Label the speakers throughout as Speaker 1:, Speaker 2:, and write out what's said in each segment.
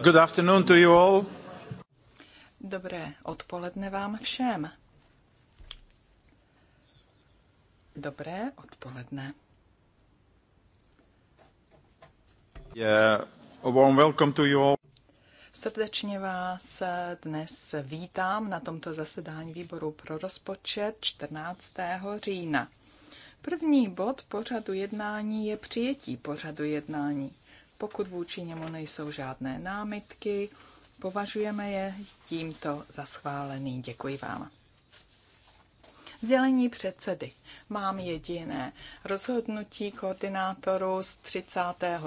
Speaker 1: Good afternoon to you all. Dobré odpoledne vám všem. Dobré odpoledne. Yeah, a warm welcome to you all. Srdečně vás dnes vítám na tomto zasedání výboru pro rozpočet 14. října. První bod pořadu jednání je přijetí pořadu jednání. Pokud vůči němu nejsou žádné námitky, považujeme je tímto za schválený. Děkuji vám. Sdělení předsedy. Mám jediné. Rozhodnutí koordinátorů z 30.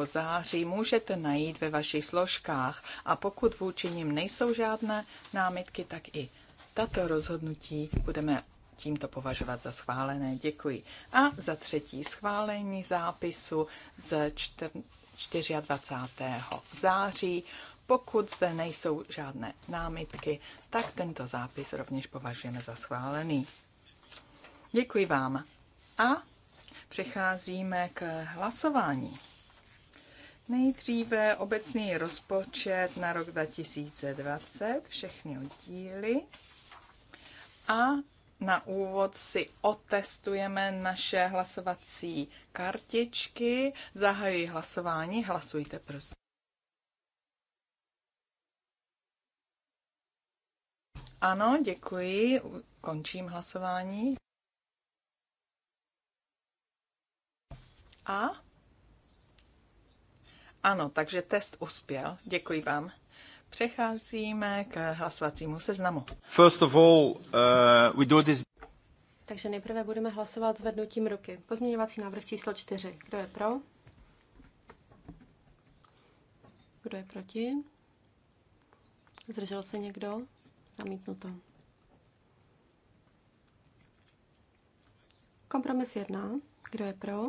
Speaker 1: září můžete najít ve vašich složkách a pokud vůči nim nejsou žádné námitky, tak i tato rozhodnutí budeme tímto považovat za schválené. Děkuji. A za třetí schválení zápisu z 14. 24. září. Pokud zde nejsou žádné námitky, tak tento zápis rovněž považujeme za schválený. Děkuji vám. A přecházíme k hlasování. Nejdříve obecný rozpočet na rok 2020, všechny oddíly. A na úvod si otestujeme naše hlasovací kartičky. Zahajuji hlasování. Hlasujte, prosím. Ano, děkuji. Končím hlasování. A? Ano, takže test uspěl. Děkuji vám. Přecházíme k hlasovacímu seznamu. First of all, uh, we do this...
Speaker 2: Takže nejprve budeme hlasovat zvednutím ruky. Pozměňovací návrh číslo 4. Kdo je pro? Kdo je proti? Zdržel se někdo? Zamítnuto. Kompromis 1. Kdo je pro?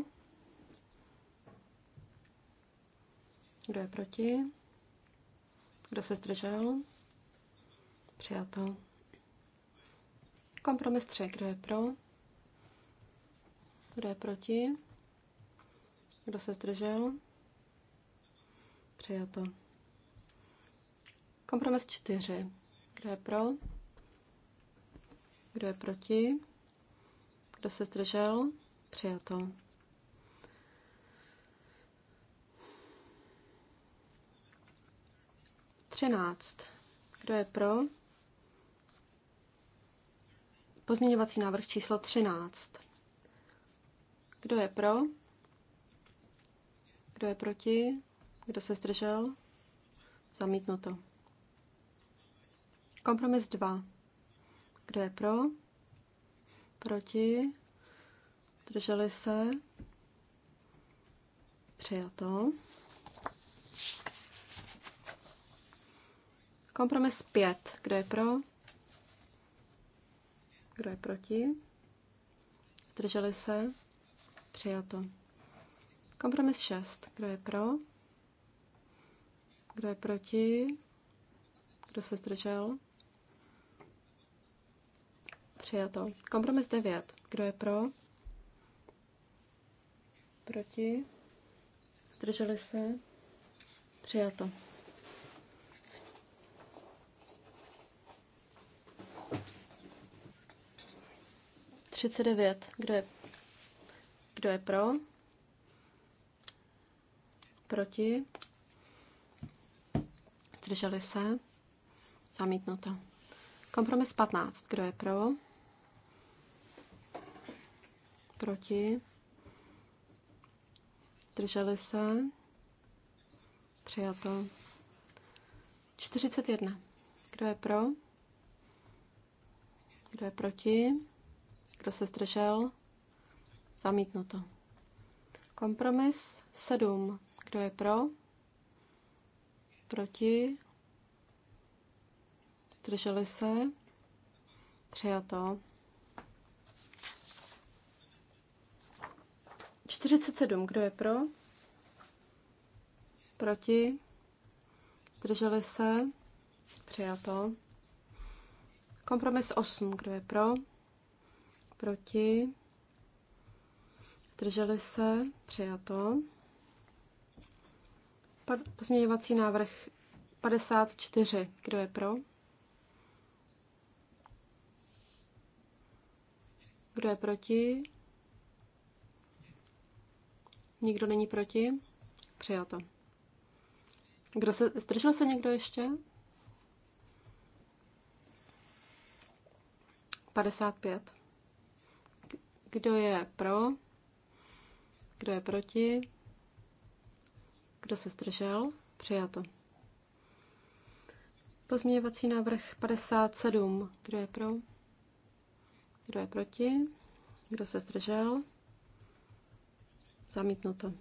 Speaker 2: Kdo je proti? Kdo se zdržel? Přijato. Kompromis 3. Kdo je pro? Kdo je proti? Kdo se zdržel? Přijato. Kompromis 4. Kdo je pro? Kdo je proti? Kdo se zdržel? Přijato. 13. Kdo je pro? Pozměňovací návrh číslo 13. Kdo je pro? Kdo je proti? Kdo se zdržel? Zamítnuto. Kompromis 2. Kdo je pro? Proti? Drželi se? Přijato. Kompromis 5. Kdo je pro? Kdo je proti? Zdrželi se? Přijato. Kompromis 6. Kdo je pro? Kdo je proti? Kdo se zdržel? Přijato. Kompromis 9. Kdo je pro? Proti? Zdrželi se? Přijato. 39. Kdo je, kdo je pro? Proti? Zdrželi se? Zamítnuto. Kompromis 15. Kdo je pro? Proti? Zdrželi se? Přijato. 41. Kdo je pro? Kdo je proti? Kdo se zdržel? Zamítnuto. Kompromis 7. Kdo je pro? Proti? Zdrželi se? Přijato. 47. Kdo je pro? Proti? Zdrželi se? Přijato. Kompromis 8. Kdo je pro? proti, Drželi se, přijato. Pozměňovací návrh 54, kdo je pro? Kdo je proti? Nikdo není proti? Přijato. Kdo se, zdržel se někdo ještě? 55. Kdo je pro? Kdo je proti? Kdo se zdržel? Přijato. Pozměňovací návrh 57. Kdo je pro? Kdo je proti? Kdo se zdržel? Zamítnuto.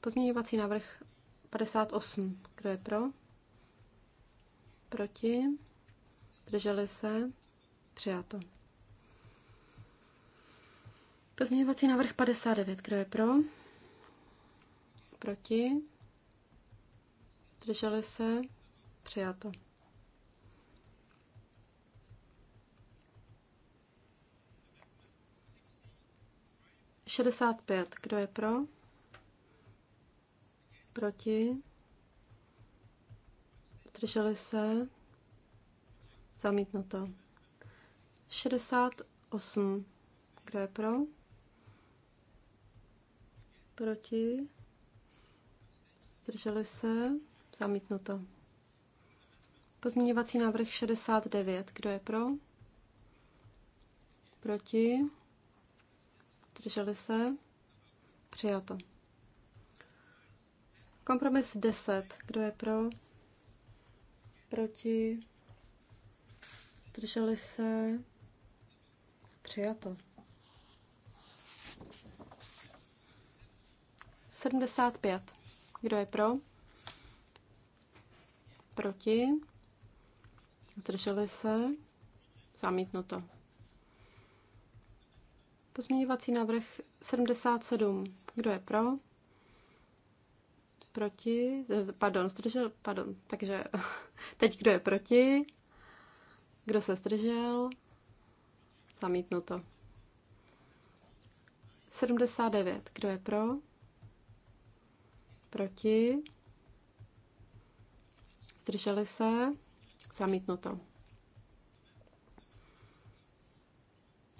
Speaker 2: Pozměňovací návrh 58. Kdo je pro? Proti? Drželi se? Přijato. Pozměňovací návrh 59. Kdo je pro? Proti? Drželi se? Přijato. Šedesát pět. Kdo je pro? Proti? Drželi se? Zamítnuto. osm. Kdo je pro? proti, zdrželi se, zamítnuto. Pozměňovací návrh 69, kdo je pro, proti, zdrželi se, přijato. Kompromis 10, kdo je pro, proti, zdrželi se, přijato. 75. Kdo je pro? Proti? Zdrželi se? Zamítnuto. Pozměňovací návrh 77. Kdo je pro? Proti? Eh, pardon, zdržel, pardon. Takže teď kdo je proti? Kdo se zdržel? Zamítnuto. 79. Kdo je pro? proti, zdrželi se, zamítnuto.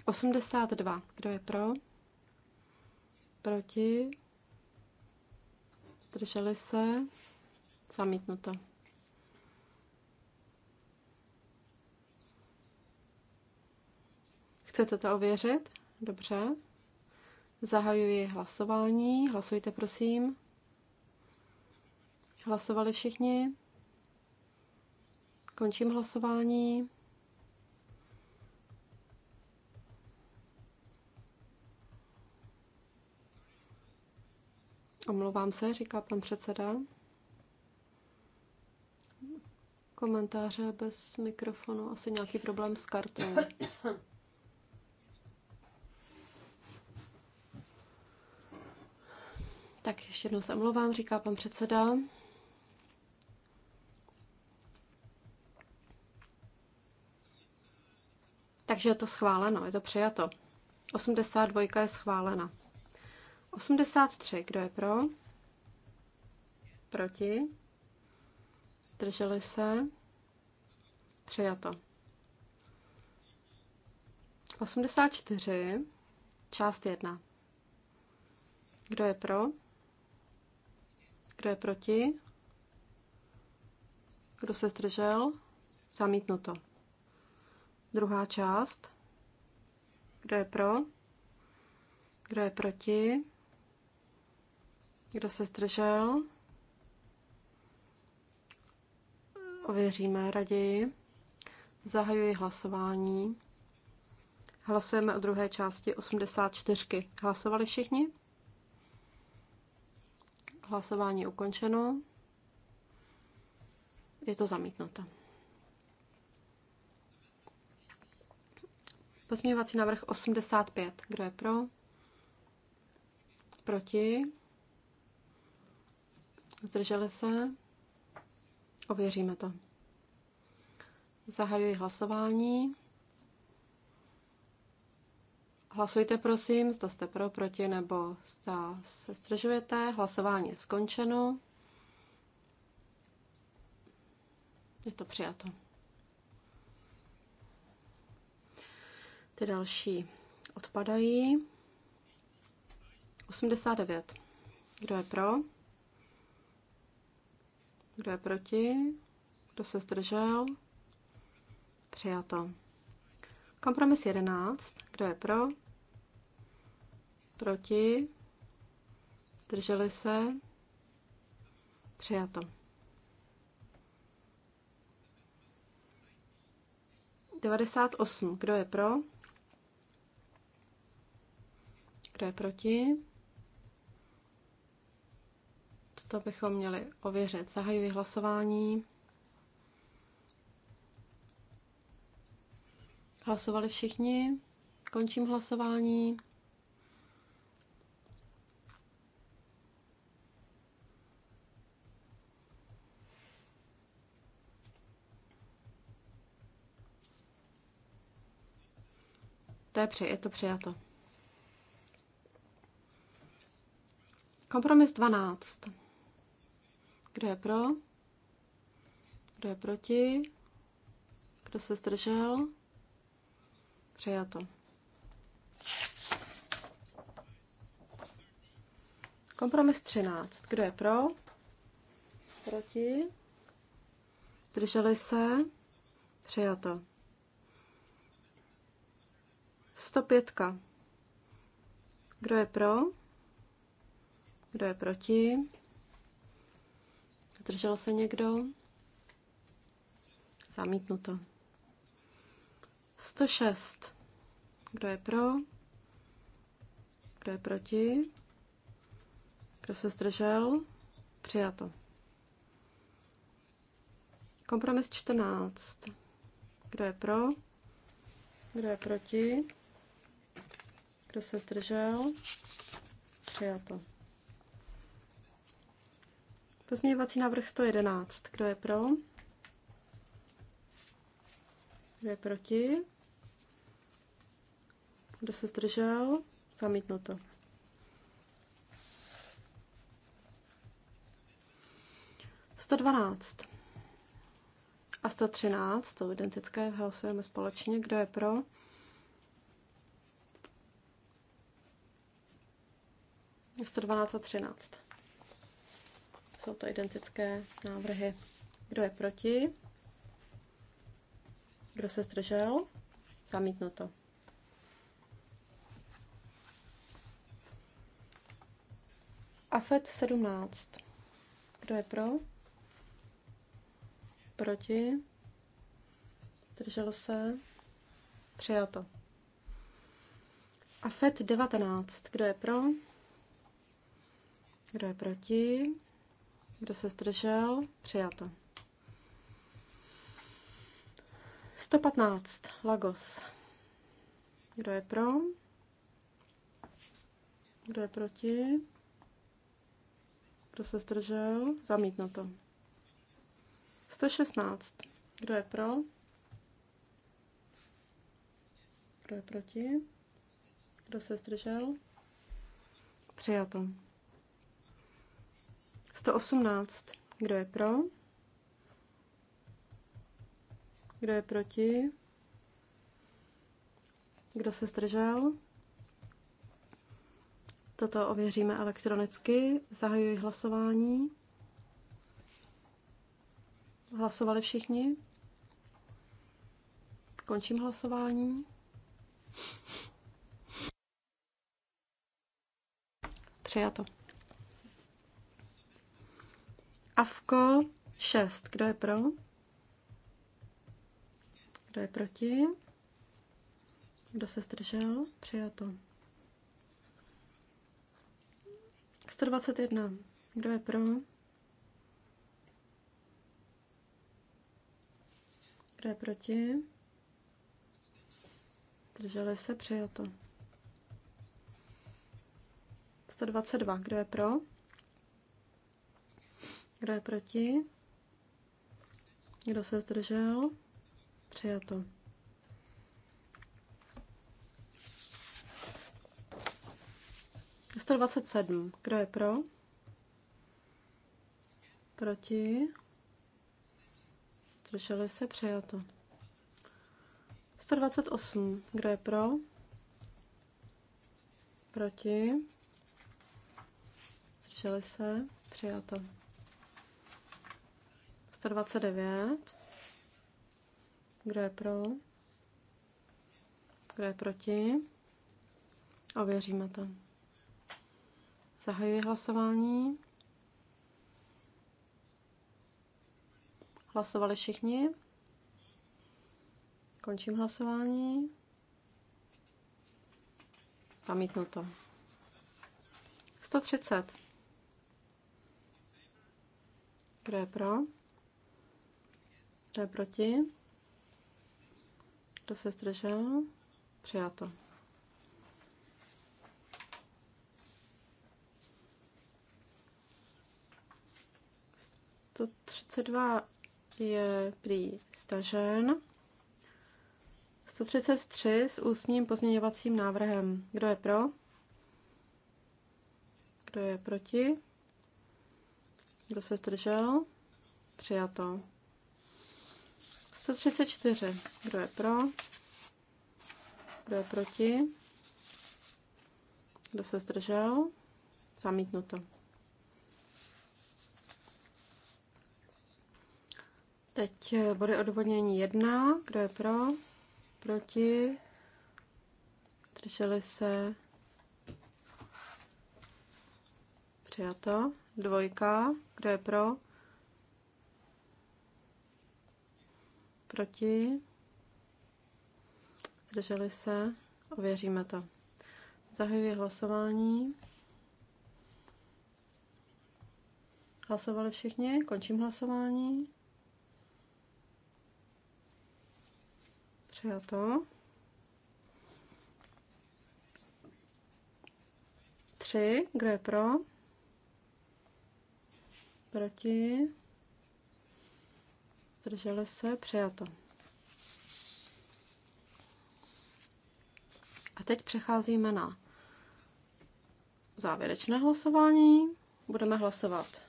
Speaker 2: 82. Kdo je pro? Proti? Zdrželi se? Zamítnuto. Chcete to ověřit? Dobře. Zahajuji hlasování. Hlasujte, prosím. Hlasovali všichni? Končím hlasování. Omlouvám se, říká pan předseda. Komentáře bez mikrofonu, asi nějaký problém s kartou. Tak ještě jednou se omlouvám, říká pan předseda. Takže je to schváleno, je to přijato. 82 je schválena. 83, kdo je pro? Proti? Drželi se? Přijato. 84, část 1. Kdo je pro? Kdo je proti? Kdo se zdržel? Zamítnuto. Druhá část. Kdo je pro? Kdo je proti? Kdo se zdržel? Ověříme raději. Zahajuji hlasování. Hlasujeme o druhé části 84. Hlasovali všichni? Hlasování ukončeno. Je to zamítnuto. Pozměňovací návrh 85. Kdo je pro? Proti? Zdrželi se? Ověříme to. Zahajuji hlasování. Hlasujte prosím, zda jste pro, proti nebo zda se zdržujete. Hlasování je skončeno. Je to přijato. Ty další odpadají. 89. Kdo je pro? Kdo je proti? Kdo se zdržel? Přijato. Kompromis 11. Kdo je pro? Proti? Drželi se? Přijato. 98. Kdo je pro? Kdo je proti? Toto bychom měli ověřit. Zahajuji hlasování. Hlasovali všichni. Končím hlasování. To je, při, je to přijato. Kompromis 12. Kdo je pro? Kdo je proti? Kdo se zdržel? Přijato. Kompromis 13. Kdo je pro? Proti? Drželi se? Přijato. 105. Kdo je pro? Kdo je proti? Zdržel se někdo? Zamítnuto. 106. Kdo je pro? Kdo je proti? Kdo se zdržel? Přijato. Kompromis 14. Kdo je pro? Kdo je proti? Kdo se zdržel? Přijato. Pozměňovací návrh 111. Kdo je pro? Kdo je proti? Kdo se zdržel? Zamítnuto. Sto dvanáct a 113 To identické, hlasujeme společně. Kdo je pro? Sto dvanáct a třináct. Jsou to identické návrhy. Kdo je proti? Kdo se zdržel? Zamítnuto. AFET 17. Kdo je pro? Proti? Držel se? Přijato. AFET 19. Kdo je pro? Kdo je proti? Kdo se zdržel? Přijato. 115. Lagos. Kdo je pro? Kdo je proti? Kdo se zdržel? Zamítno to. 116. Kdo je pro? Kdo je proti? Kdo se zdržel? Přijato. 118. Kdo je pro? Kdo je proti? Kdo se zdržel? Toto ověříme elektronicky. Zahajuji hlasování. Hlasovali všichni? Končím hlasování. Přijato. Avko 6. Kdo je pro? Kdo je proti? Kdo se zdržel? Přijato. 121. Kdo je pro? Kdo je proti? Drželi se, přijato. 122. Kdo je pro? Kdo je proti? Kdo se zdržel? Přijato. Sto dvacet sedm. Kdo je pro? Proti? Zdrželi se? Přijato. 128. Kdo je pro? Proti? Zdrželi se? Přijato. 129. Kdo je pro? Kdo je proti? Ověříme to. Zahajuji hlasování. Hlasovali všichni? Končím hlasování. Zamítnuto. 130. Kdo je pro? Kdo je proti? Kdo se zdržel? Přijato. To 32 je prý stažen. 133 s ústním pozměňovacím návrhem. Kdo je pro? Kdo je proti? Kdo se zdržel? Přijato. 134. Kdo je pro? Kdo je proti? Kdo se zdržel? Zamítnuto. Teď eh, body odvodnění 1. Kdo je pro? Proti? Drželi se? Přijato. Dvojka. Kdo je pro? proti, zdrželi se, ověříme to. Zahajuji hlasování. Hlasovali všichni, končím hlasování. Přijato. Tři, kdo je pro? Proti zdrželi se, přijato. A teď přecházíme na závěrečné hlasování. Budeme hlasovat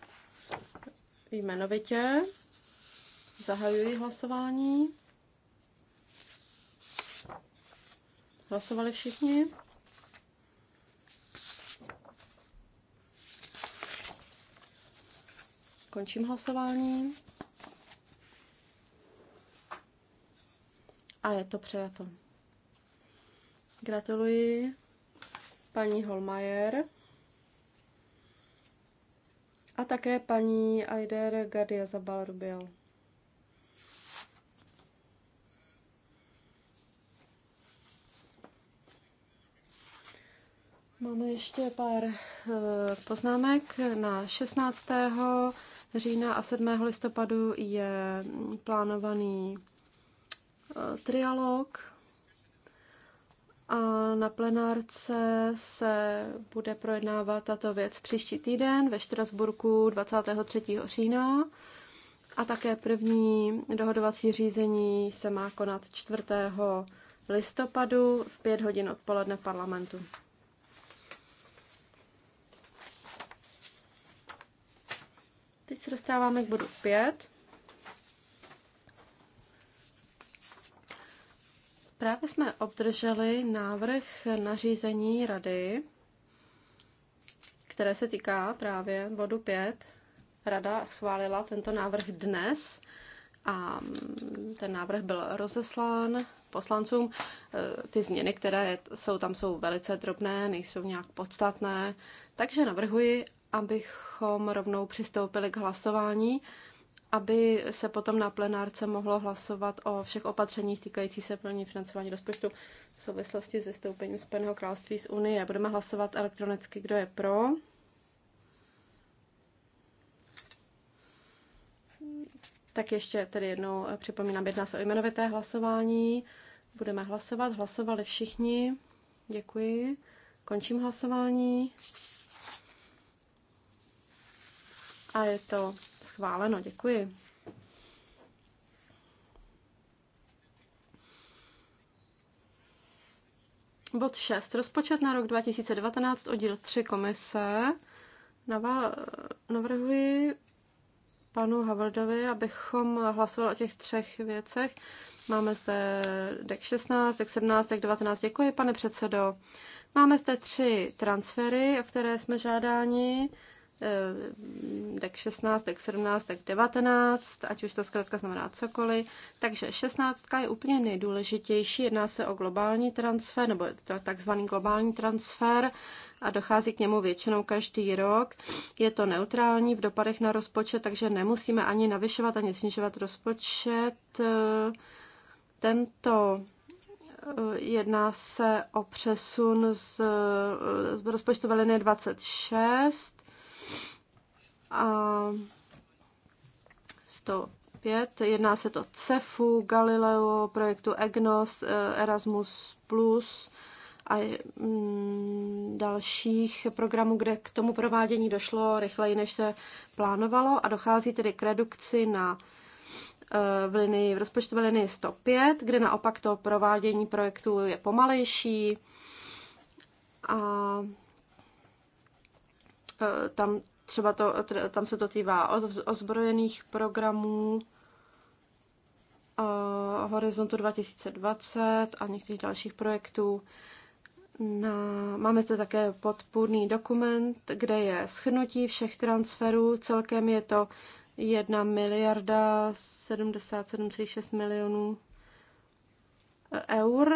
Speaker 2: jmenovitě. Zahajuji hlasování. Hlasovali všichni? Končím hlasování. A je to přejato. Gratuluji paní Holmajer a také paní Aider Gadia Zabal Rubial. Máme ještě pár eh, poznámek. Na 16. října a 7. listopadu je plánovaný Eh, trialog a na plenárce se bude projednávat tato věc příští týden ve Štrasburku 23. října a také první dohodovací řízení se má konat 4. listopadu v 5 hodin odpoledne v parlamentu. Teď se dostáváme k bodu 5. Právě jsme obdrželi návrh nařízení rady, které se týká právě bodu 5. Rada schválila tento návrh dnes a ten návrh byl rozeslán poslancům. Ty změny, které jsou tam, jsou velice drobné, nejsou nějak podstatné, takže navrhuji, abychom rovnou přistoupili k hlasování aby se potom na plenárce mohlo hlasovat o všech opatřeních týkající se plnění financování rozpočtu v souvislosti se stoupením Spojeného království z Unie. Budeme hlasovat elektronicky, kdo je pro. Tak ještě tedy jednou připomínám, jedná se o jmenovité hlasování. Budeme hlasovat. Hlasovali všichni. Děkuji. Končím hlasování. A je to schváleno. Děkuji. Bod 6. Rozpočet na rok 2019, oddíl 3 komise. navrhuji panu Havardovi, abychom hlasovali o těch třech věcech. Máme zde DEC 16, DEC 17, DEC 19. Děkuji, pane předsedo. Máme zde tři transfery, o které jsme žádáni. Eh, tak 16, tak 17, tak 19, ať už to zkrátka znamená cokoliv. Takže 16 je úplně nejdůležitější, jedná se o globální transfer, nebo to takzvaný globální transfer a dochází k němu většinou každý rok. Je to neutrální v dopadech na rozpočet, takže nemusíme ani navyšovat, ani snižovat rozpočet. Eh, tento eh, jedná se o přesun z, z rozpočtové linie 26 a 105. Jedná se to CEFu, Galileo, projektu EGNOS, eh, Erasmus+, plus a mm, dalších programů, kde k tomu provádění došlo rychleji, než se plánovalo a dochází tedy k redukci na eh, v, linii, v rozpočtové linii 105, kde naopak to provádění projektu je pomalejší a eh, tam Třeba to, tam se to týká ozbrojených programů, uh, Horizontu 2020 a některých dalších projektů. Na, máme zde také podpůrný dokument, kde je schrnutí všech transferů. Celkem je to 1 miliarda 77,6 milionů eur.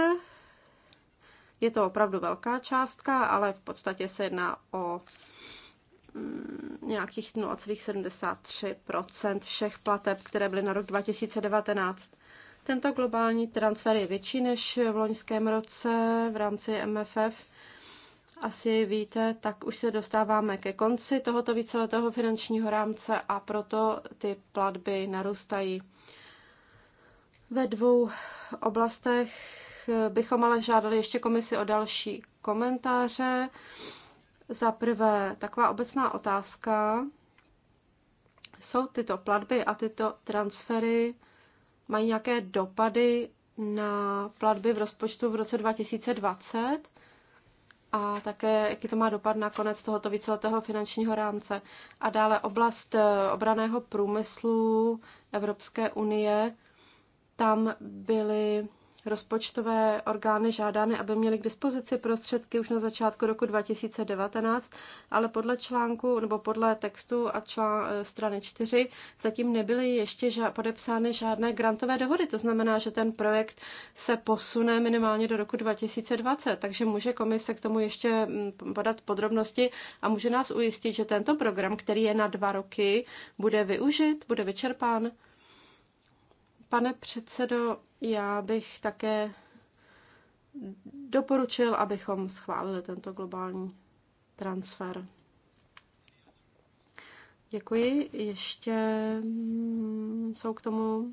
Speaker 2: Je to opravdu velká částka, ale v podstatě se jedná o
Speaker 3: Mm,
Speaker 2: nějakých 0,73 všech plateb, které byly na rok 2019. Tento globální transfer je větší než v loňském roce v rámci MFF. Asi víte, tak už se dostáváme ke konci tohoto víceletého finančního rámce a proto ty platby narůstají. Ve dvou oblastech bychom ale žádali ještě komisi o další komentáře. Za prvé, taková obecná otázka. Jsou tyto platby a tyto transfery mají nějaké dopady na platby v rozpočtu v roce 2020 a také, jaký to má dopad na konec tohoto víceletého finančního rámce. A dále oblast eh, obraného průmyslu Evropské unie, tam byly rozpočtové orgány žádány, aby měly k dispozici prostředky už na začátku roku 2019, ale podle článku nebo podle textu a člán, strany 4 zatím nebyly ještě ža- podepsány žádné grantové dohody. To znamená, že ten projekt se posune minimálně do roku 2020, takže může komise k tomu ještě mm, podat podrobnosti a může nás ujistit, že tento program, který je na dva roky, bude využit, bude vyčerpán. Pane předsedo, já bych také doporučil, abychom schválili tento globální transfer. Děkuji. Ještě mm, jsou k tomu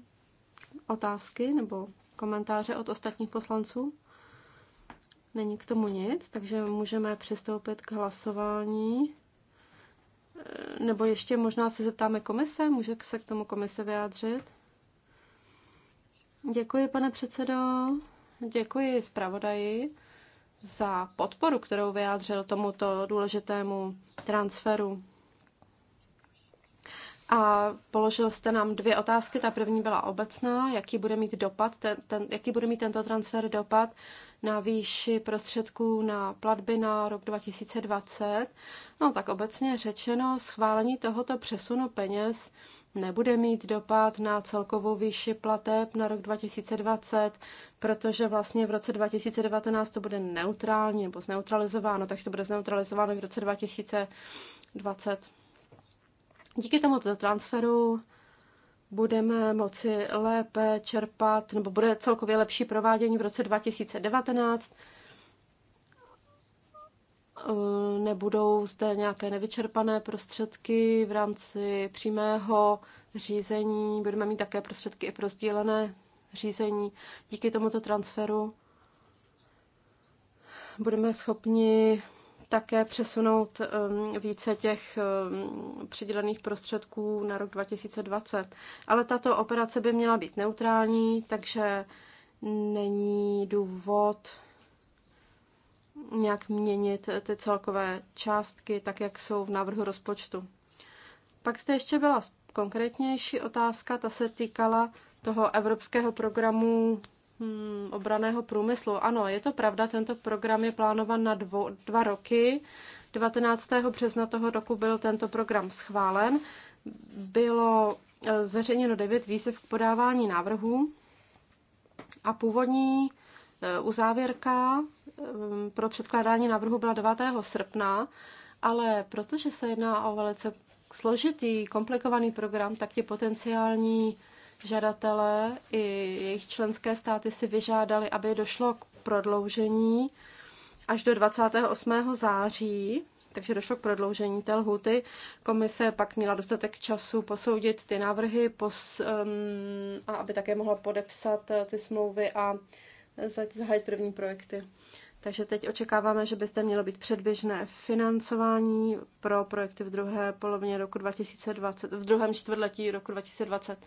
Speaker 2: otázky nebo komentáře od ostatních poslanců? Není k tomu nic, takže můžeme přistoupit k hlasování. E, nebo ještě možná se zeptáme komise, může se k tomu komise vyjádřit? Děkuji, pane předsedo. Děkuji zpravodaji za podporu, kterou vyjádřil tomuto důležitému transferu. A položil jste nám dvě otázky. Ta první byla obecná, jaký bude mít dopad, ten, ten, jaký bude mít tento transfer dopad na výši prostředků na platby na rok 2020. No tak obecně řečeno, schválení tohoto přesunu peněz nebude mít dopad na celkovou výši plateb na rok 2020, protože vlastně v roce 2019 to bude neutrální nebo zneutralizováno, takže to bude zneutralizováno v roce 2020. Díky tomuto transferu budeme moci lépe čerpat, nebo bude celkově lepší provádění v roce 2019. Eh, nebudou zde nějaké nevyčerpané prostředky v rámci přímého řízení. Budeme mít také prostředky i pro sdílené řízení. Díky tomuto transferu budeme schopni také přesunout ehm, více těch ehm, přidělených prostředků na rok 2020. Ale tato operace by měla být neutrální, takže není důvod nějak měnit ty celkové částky, tak jak jsou v návrhu rozpočtu. Pak jste ještě byla konkrétnější otázka, ta se týkala toho evropského programu hmm, obraného průmyslu. Ano, je to pravda, tento program je plánovan na dvo, dva roky. 19. března toho roku byl tento program schválen. Bylo eh, zveřejněno devět výzev k podávání návrhů a původní eh, uzávěrka eh, pro předkládání návrhu byla 9. srpna, ale protože se jedná o velice složitý, komplikovaný program, tak ti potenciální žadatelé i jejich členské státy si vyžádali, aby došlo k prodloužení až do 28. září, takže došlo k prodloužení té lhuty. Komise pak měla dostatek času posoudit ty návrhy pos, um, a aby také mohla podepsat eh, ty smlouvy a zahájit první projekty. Takže teď očekáváme, že byste mělo být předběžné financování pro projekty v druhé polovině roku 2020, v druhém čtvrtletí roku 2020.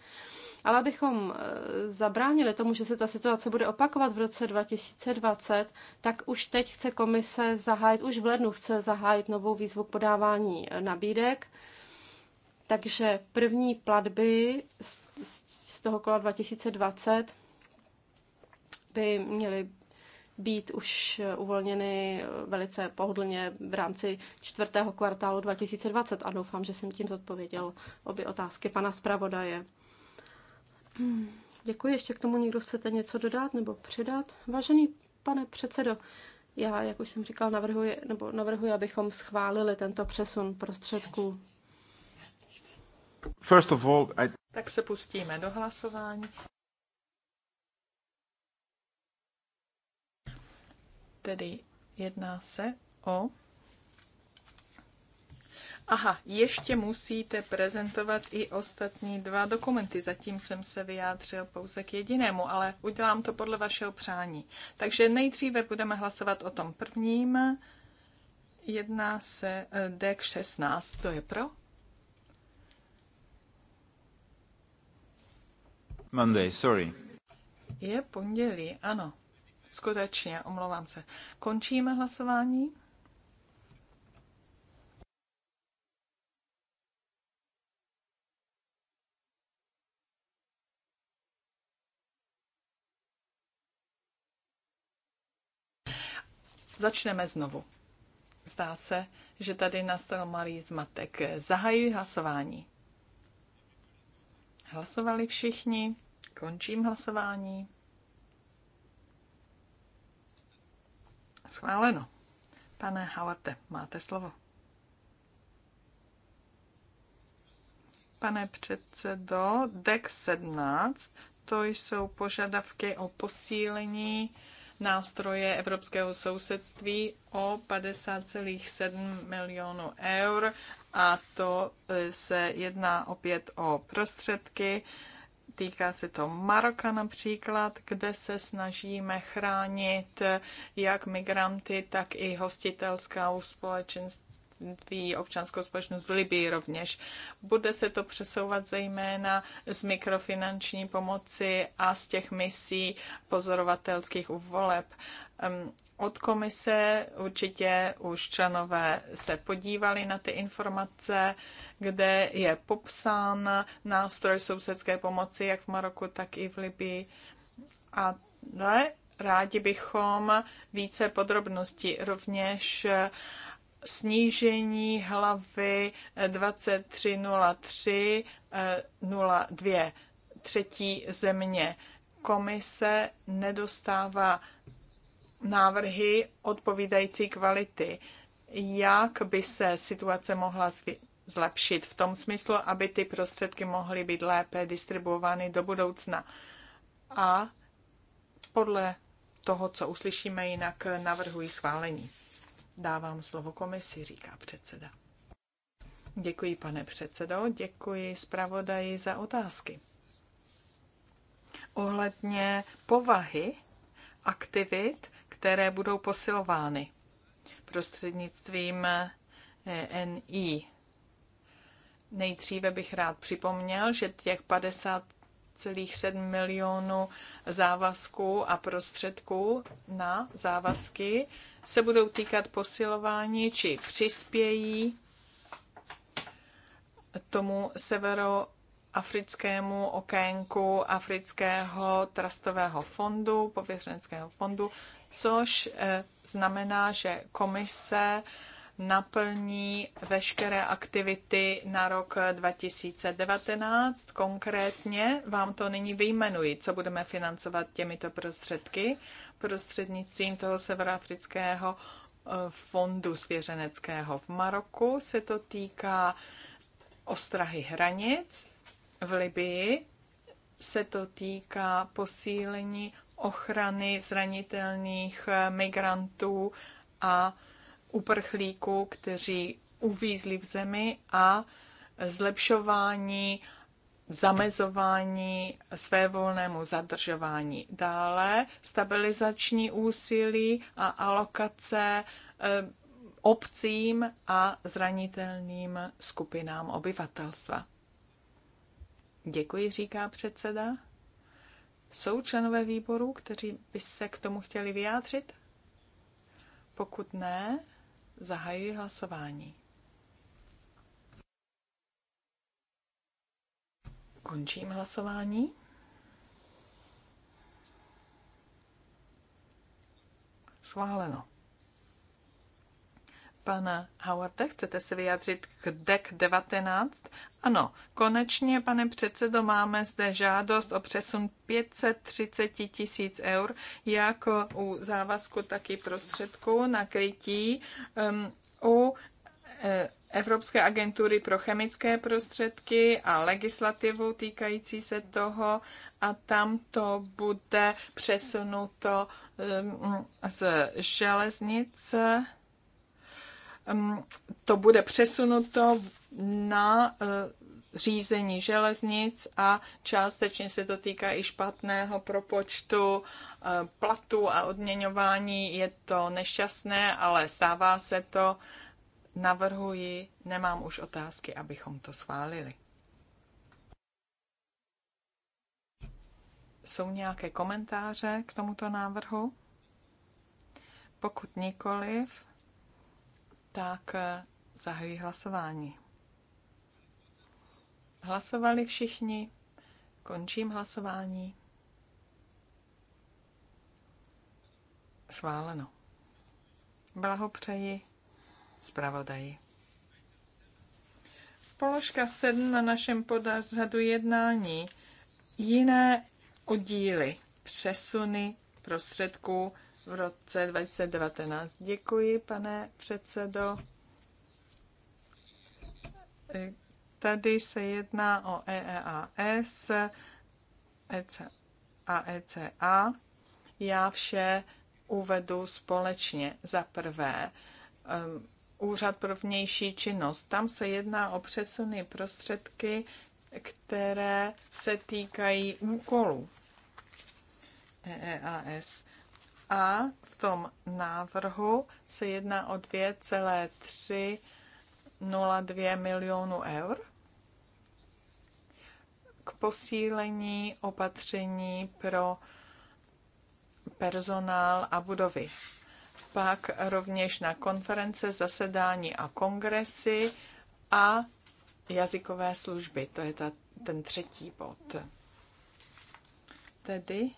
Speaker 2: Ale abychom eh, zabránili tomu, že se ta situace bude opakovat v roce 2020, tak už teď chce komise zahájit, už v lednu chce zahájit novou výzvu k podávání eh, nabídek. Takže první platby z, toho kola 2020 by měly být už eh, uvolněny velice pohodlně v rámci čtvrtého kvartálu 2020 a doufám, že jsem tím zodpověděl obě otázky pana zpravodaje. Děkuji. Ještě k tomu někdo chcete něco dodat nebo přidat? Vážený pane předsedo, já, jak už jsem říkal, navrhuji, nebo navrhuji, abychom schválili tento přesun prostředků.
Speaker 1: First of all, I...
Speaker 2: Tak se pustíme
Speaker 1: do hlasování. Tedy jedná se o Aha, ještě musíte prezentovat i ostatní dva dokumenty. Zatím jsem se vyjádřil pouze k jedinému, ale udělám to podle vašeho přání. Takže nejdříve budeme hlasovat o tom prvním. Jedná se eh, d 16. To je pro?
Speaker 2: Monday, sorry.
Speaker 1: Je pondělí, ano. Skutečně, omlouvám se. Končíme hlasování? Začneme znovu. Zdá se, že tady nastal malý zmatek. Zahajuji hlasování. Hlasovali všichni. Končím hlasování. Schváleno. Pane Howarte, máte slovo. Pane předsedo, DEC 17, to jsou požadavky o posílení nástroje evropského sousedství o 50,7 milionů eur a to e, se jedná opět o prostředky. Týká se to Maroka například, kde se snažíme chránit jak migranty, tak i hostitelská společenství občanskou společnost v Libii rovněž. Bude se to přesouvat zejména z mikrofinanční pomoci a z těch misí pozorovatelských voleb. Od komise určitě už členové se podívali na ty informace, kde je popsán nástroj sousedské pomoci jak v Maroku, tak i v Libii. A rádi bychom více podrobností rovněž snížení hlavy 2303 eh, 02 eh, třetí země. Komise nedostává návrhy odpovídající kvality, jak by se situace mohla zlepšit v tom smyslu, aby ty prostředky mohly být lépe distribuovány do budoucna. A podle toho, co uslyšíme, jinak navrhuji schválení. Dávám slovo komisi, říká předseda. Děkuji, pane předsedo, děkuji zpravodaji za otázky. Ohledně povahy aktivit, které budou posilovány prostřednictvím eh, NI. Nejdříve bych rád připomněl, že těch 50 7 milionů závazků a prostředků na závazky se budou týkat posilování či přispějí tomu severoafrickému okénku Afrického trastového fondu, pověřenského fondu, což eh, znamená, že komise naplní veškeré aktivity na rok 2019. Konkrétně vám to nyní vyjmenuji, co budeme financovat těmito prostředky prostřednictvím toho severoafrického eh, fondu svěřeneckého v Maroku. Se to týká ostrahy hranic v Libii, se to týká posílení ochrany zranitelných eh, migrantů a uprchlíků, kteří uvízli v zemi a zlepšování, zamezování svévolnému zadržování. Dále stabilizační úsilí a alokace eh, obcím a zranitelným skupinám obyvatelstva. Děkuji, říká předseda. Jsou členové výboru, kteří by se k tomu chtěli vyjádřit? Pokud ne, Zahajuji hlasování. Končím hlasování. Schváleno. Pana Howarda, chcete se vyjádřit k e DEC 19? Ano, konečně, pane předsedo, máme zde žádost o přesun 530 tisíc eur, jako u závazku, tak i prostředků na krytí um, u e, Evropské agentury pro chemické prostředky a legislativu týkající se toho a tam to bude přesunuto um, z železnice to bude přesunuto na eh, řízení železnic a částečně se to týká i špatného propočtu eh, platu a odměňování. Je to nešťastné, ale stává se to. Navrhuji, nemám už otázky, abychom to schválili. Jsou nějaké komentáře k tomuto návrhu? Pokud nikoliv, tak eh, zahají hlasování. Hlasovali všichni, končím hlasování. Sváleno. Blahopřeji zpravodaji. Položka 7 na našem podařadu jednání. Jiné oddíly, přesuny prostředků v roce 2019. Děkuji, pane předsedo. Tady se jedná o EEAS a ECA. E Já vše uvedu společně. Za prvé, um, Úřad pro vnější činnost. Tam se jedná o přesuny prostředky, které se týkají úkolů EEAS a v tom návrhu se jedná o 2,302 milionu eur k posílení opatření pro personál a budovy. Pak rovněž na konference, zasedání a kongresy a jazykové služby. To je ta, ten třetí bod. Tedy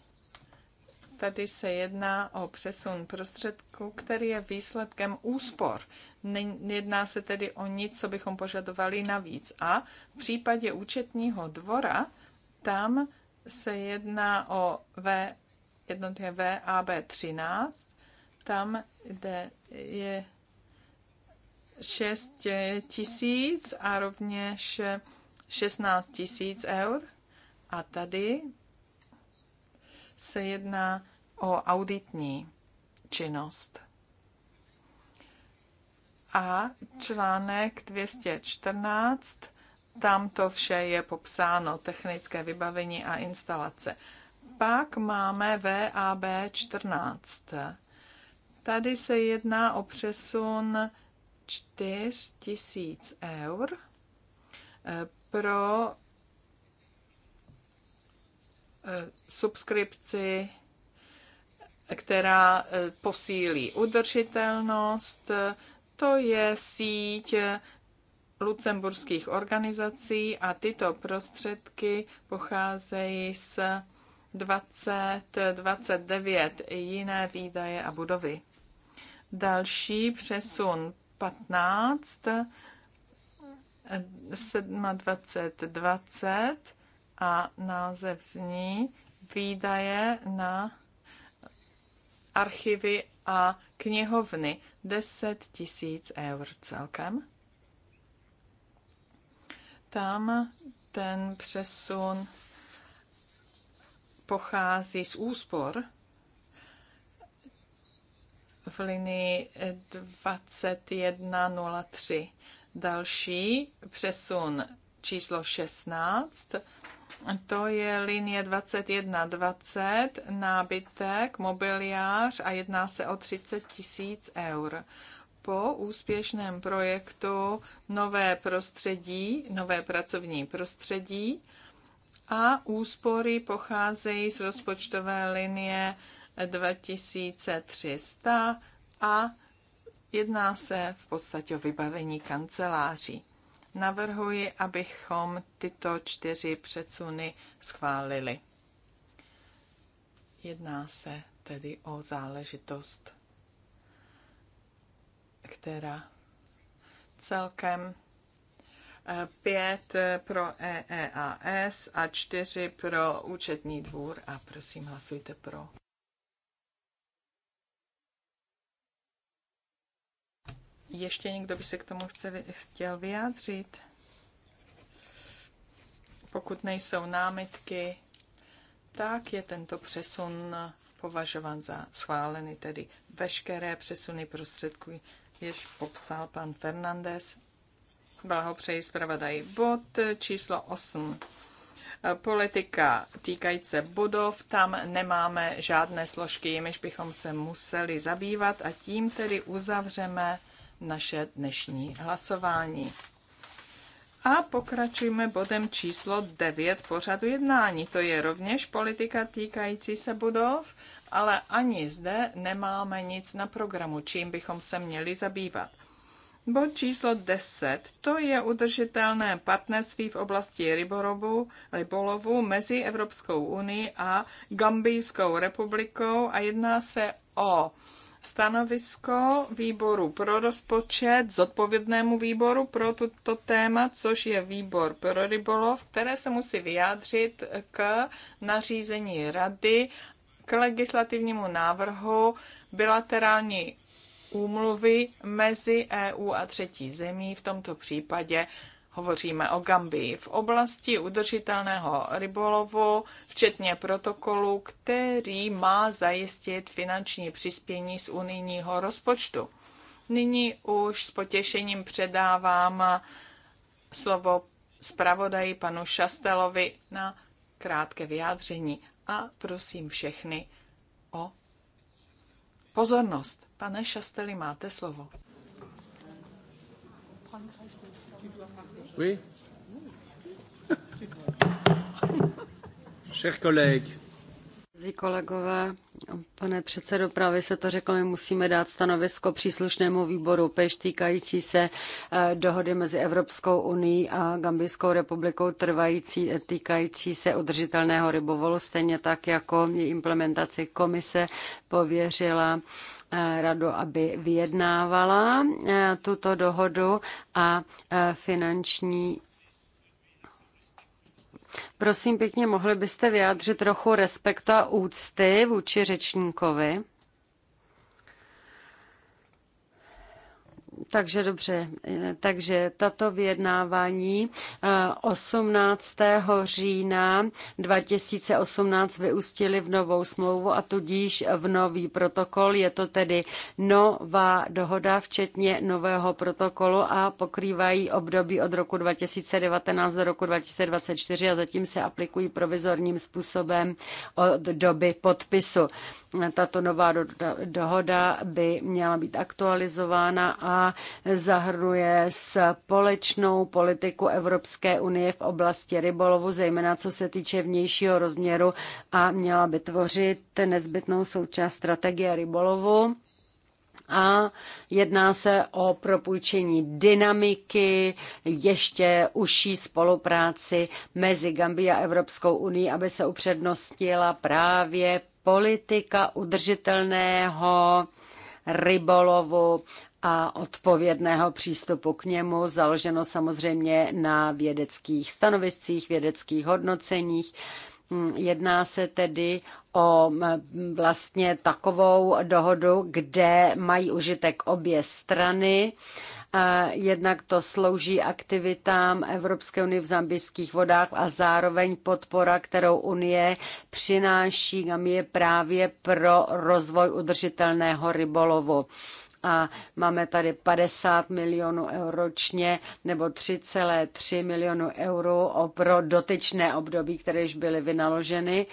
Speaker 1: Tady se jedná o přesun prostředku, který je výsledkem úspor. Jedná se tedy o nic, co bychom požadovali navíc. A v případě účetního dvora, tam se jedná o V, jednotě VAB13, tam jde, je 6 tisíc a rovněž 16 tisíc eur. A tady se jedná o auditní činnost. A článek 214, tam to vše je popsáno, technické vybavení a instalace. Pak máme VAB 14. Tady se jedná o přesun 4000 eur pro Eh, subskripci, která eh, posílí udržitelnost. To je síť lucemburských organizací a tyto prostředky pocházejí z 20, 29 jiné výdaje a budovy. Další přesun 15, 27, 20, 20 a název zní Výdaje na archivy a knihovny 10 tisíc eur celkem. Tam ten přesun pochází z úspor v linii 2103. Další přesun číslo 16 to je linie 2120, nábytek, mobiliář a jedná se o 30 tisíc eur. Po úspěšném projektu nové prostředí, nové pracovní prostředí a úspory pocházejí z rozpočtové linie 2300 a jedná se v podstatě o vybavení kanceláří. Navrhuji, abychom tyto čtyři předsuny schválili. Jedná se tedy o záležitost, která celkem eh, pět eh, pro EEAS a čtyři pro účetní dvůr a prosím hlasujte pro. Ještě někdo by se k tomu chce, chtěl vyjádřit? Pokud nejsou námitky, tak je tento přesun považován za schválený, tedy veškeré přesuny prostředků, jež popsal pan Fernandez. Blahopřeji zpravodají Bod číslo 8 politika týkající se budov, tam nemáme žádné složky, jimiž bychom se museli zabývat a tím tedy uzavřeme naše dnešní hlasování. A pokračujeme bodem číslo 9 pořadu jednání. To je rovněž politika týkající se budov, ale ani zde nemáme nic na programu, čím bychom se měli zabývat. Bod číslo 10. To je udržitelné partnerství v oblasti ryborobu, rybolovu mezi Evropskou unii a Gambijskou republikou a jedná se o stanovisko výboru pro rozpočet, zodpovědnému výboru pro tuto téma, což je výbor pro rybolov, které se musí vyjádřit k nařízení rady k legislativnímu návrhu bilaterální úmluvy mezi EU a třetí zemí, v tomto případě hovoříme o Gambii, v oblasti udržitelného rybolovu, včetně protokolu, který má zajistit finanční přispění z unijního rozpočtu. Nyní už s potěšením předávám slovo zpravodaji panu Šastelovi na krátké vyjádření a prosím všechny o pozornost. Pane Šasteli, máte slovo.
Speaker 3: Oui
Speaker 1: Chers collègues.
Speaker 3: Kolegové, pane předsedo, právě se to řeklo, my musíme dát stanovisko příslušnému výboru pež týkající se eh, dohody mezi Evropskou unii a Gambijskou republikou trvající, eh, týkající se udržitelného rybovolu, stejně tak jako implementaci komise pověřila Eh, radu, aby vyjednávala eh, tuto dohodu a eh, finanční Prosím pěkně, mohli byste vyjádřit trochu respektu a úcty vůči řečníkovi? Takže dobře, eh, takže tato vyjednávání 18. Eh, října 2018 vyústily v novou smlouvu a tudíž v nový protokol. Je to tedy nová dohoda, včetně nového protokolu a pokrývají období od roku 2019 do roku 2024 a zatím se aplikují provizorním způsobem od doby podpisu. Tato nová dohoda by měla být aktualizována a zahrnuje společnou politiku Evropské unie v oblasti rybolovu, zejména co se týče vnějšího rozměru a měla by tvořit nezbytnou součást strategie rybolovu a jedná se o propůjčení dynamiky, ještě užší spolupráci mezi Gambí a Evropskou unii, aby se upřednostnila právě politika udržitelného rybolovu a odpovědného přístupu k němu, založeno samozřejmě na vědeckých stanoviscích, vědeckých hodnoceních. Jedná se tedy o vlastně takovou dohodu, kde mají užitek obě strany. Jednak to slouží aktivitám Evropské unie v zambijských vodách a zároveň podpora, kterou Unie přináší je právě pro rozvoj udržitelného rybolovu a máme tady 50 milionů eur ročně nebo 3,3 milionů eur pro dotyčné období, které již byly vynaloženy.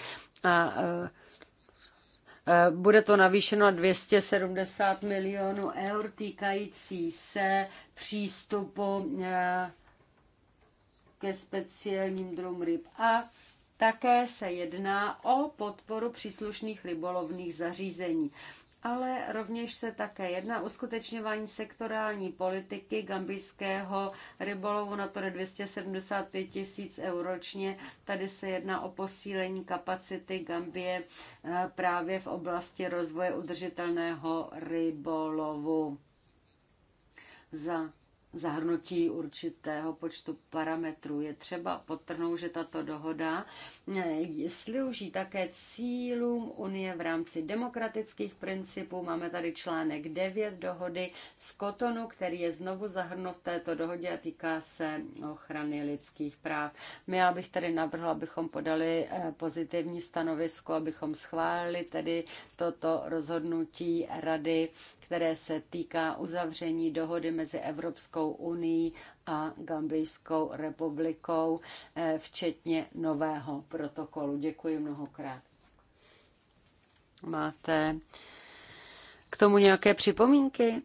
Speaker 3: A, e, e, bude to navýšeno na 270 milionů eur týkající se přístupu e, ke speciálním druhům ryb. A také se jedná o podporu příslušných rybolovných zařízení ale rovněž se také jedná uskutečňování sektorální politiky gambijského rybolovu na to 275 tisíc eur ročně. Tady se jedná o posílení kapacity Gambie eh, právě v oblasti rozvoje udržitelného rybolovu za zahrnutí určitého počtu parametrů. Je třeba potrhnout, že tato dohoda eh, slouží také cílům Unie v rámci demokratických principů. Máme tady článek 9 dohody z Kotonu, který je znovu zahrnut v této dohodě a týká se ochrany lidských práv. My já bych tady navrhla, abychom podali eh, pozitivní stanovisko, abychom schválili tedy toto rozhodnutí rady, které se týká uzavření dohody mezi Evropskou Evropskou unii a Gambijskou republikou, eh, včetně nového protokolu. Děkuji mnohokrát. Máte k tomu nějaké připomínky?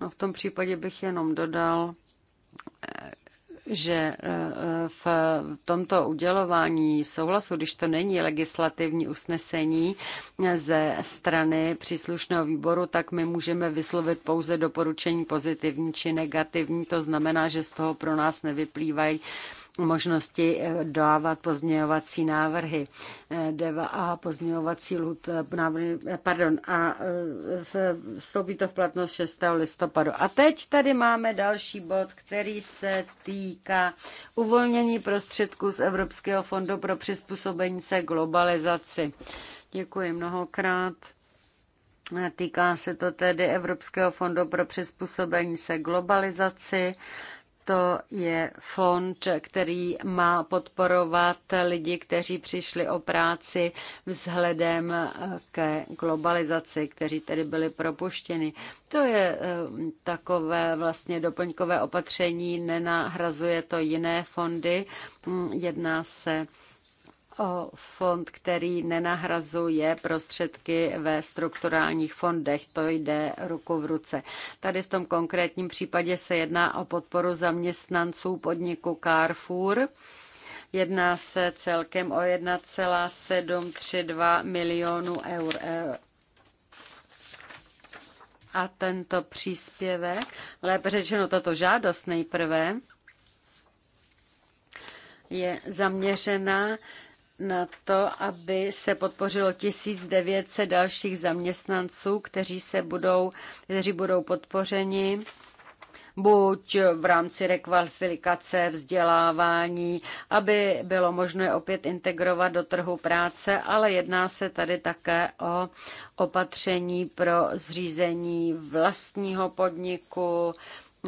Speaker 3: No v tom případě bych jenom dodal, že eh, v tomto udělování souhlasu, když to není legislativní usnesení ze strany příslušného výboru, tak my můžeme vyslovit pouze doporučení pozitivní či negativní. To znamená, že z toho pro nás nevyplývají možnosti eh, dávat pozměňovací návrhy eh, a pozměňovací lhut, eh, pardon, a vstoupí to v platnost 6. listopadu. A teď tady máme další bod, který se týká uvolnění prostředků z Evropského fondu pro přizpůsobení se globalizaci. Děkuji mnohokrát. Týká se to tedy Evropského fondu pro přizpůsobení se globalizaci to je fond, který má podporovat lidi, kteří přišli o práci vzhledem eh, ke globalizaci, kteří tedy byli propuštěni. To je eh, takové vlastně doplňkové opatření, nenahrazuje to jiné fondy, mm, jedná se o fond, který nenahrazuje prostředky ve strukturálních fondech. To jde ruku v ruce. Tady v tom konkrétním případě se jedná o podporu zaměstnanců podniku Carrefour. Jedná se celkem o 1,732 milionů eur. A tento příspěvek, lépe řečeno tato žádost nejprve, je zaměřena na to, aby se podpořilo 1900 dalších zaměstnanců, kteří se budou, kteří budou podpořeni buď v rámci rekvalifikace, vzdělávání, aby bylo možné opět integrovat do trhu práce, ale jedná se tady také o opatření pro zřízení vlastního podniku,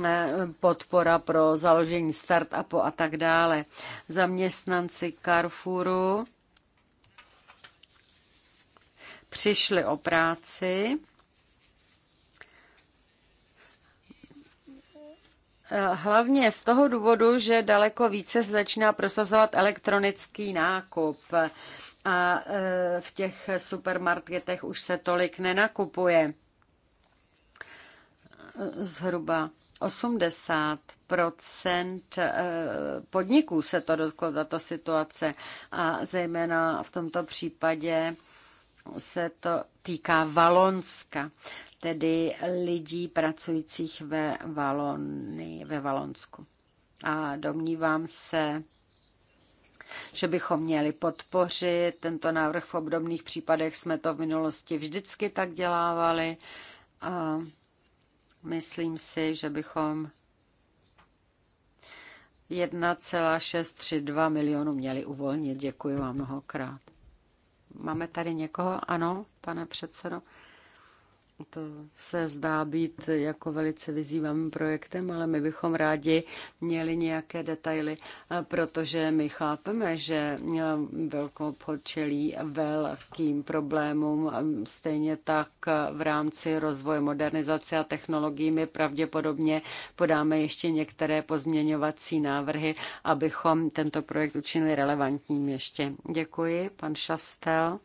Speaker 3: Eh, podpora pro založení startupu a tak dále. Zaměstnanci Carrefouru přišli o práci. Eh, hlavně z toho důvodu, že daleko více se začíná prosazovat elektronický nákup a eh, v těch supermarketech už se tolik nenakupuje. Zhruba 80 eh, podniků se to dotklo, tato situace, a zejména v tomto případě se to týká Valonska, tedy lidí pracujících ve, Valony, ve Valonsku. A domnívám se, že bychom měli podpořit tento návrh. V obdobných případech jsme to v minulosti vždycky tak dělávali. A Myslím si, že bychom 1,632 milionu měli uvolnit. Děkuji vám mnohokrát. Máme tady někoho? Ano, pane předsedo. To se zdá být jako velice vyzývavým projektem, ale my bychom rádi měli nějaké detaily, protože my chápeme, že velkou počelí velkým problémům. Stejně tak v rámci rozvoje modernizace a technologií my pravděpodobně podáme ještě některé pozměňovací návrhy, abychom tento projekt učinili relevantním ještě. Děkuji, pan Šastel.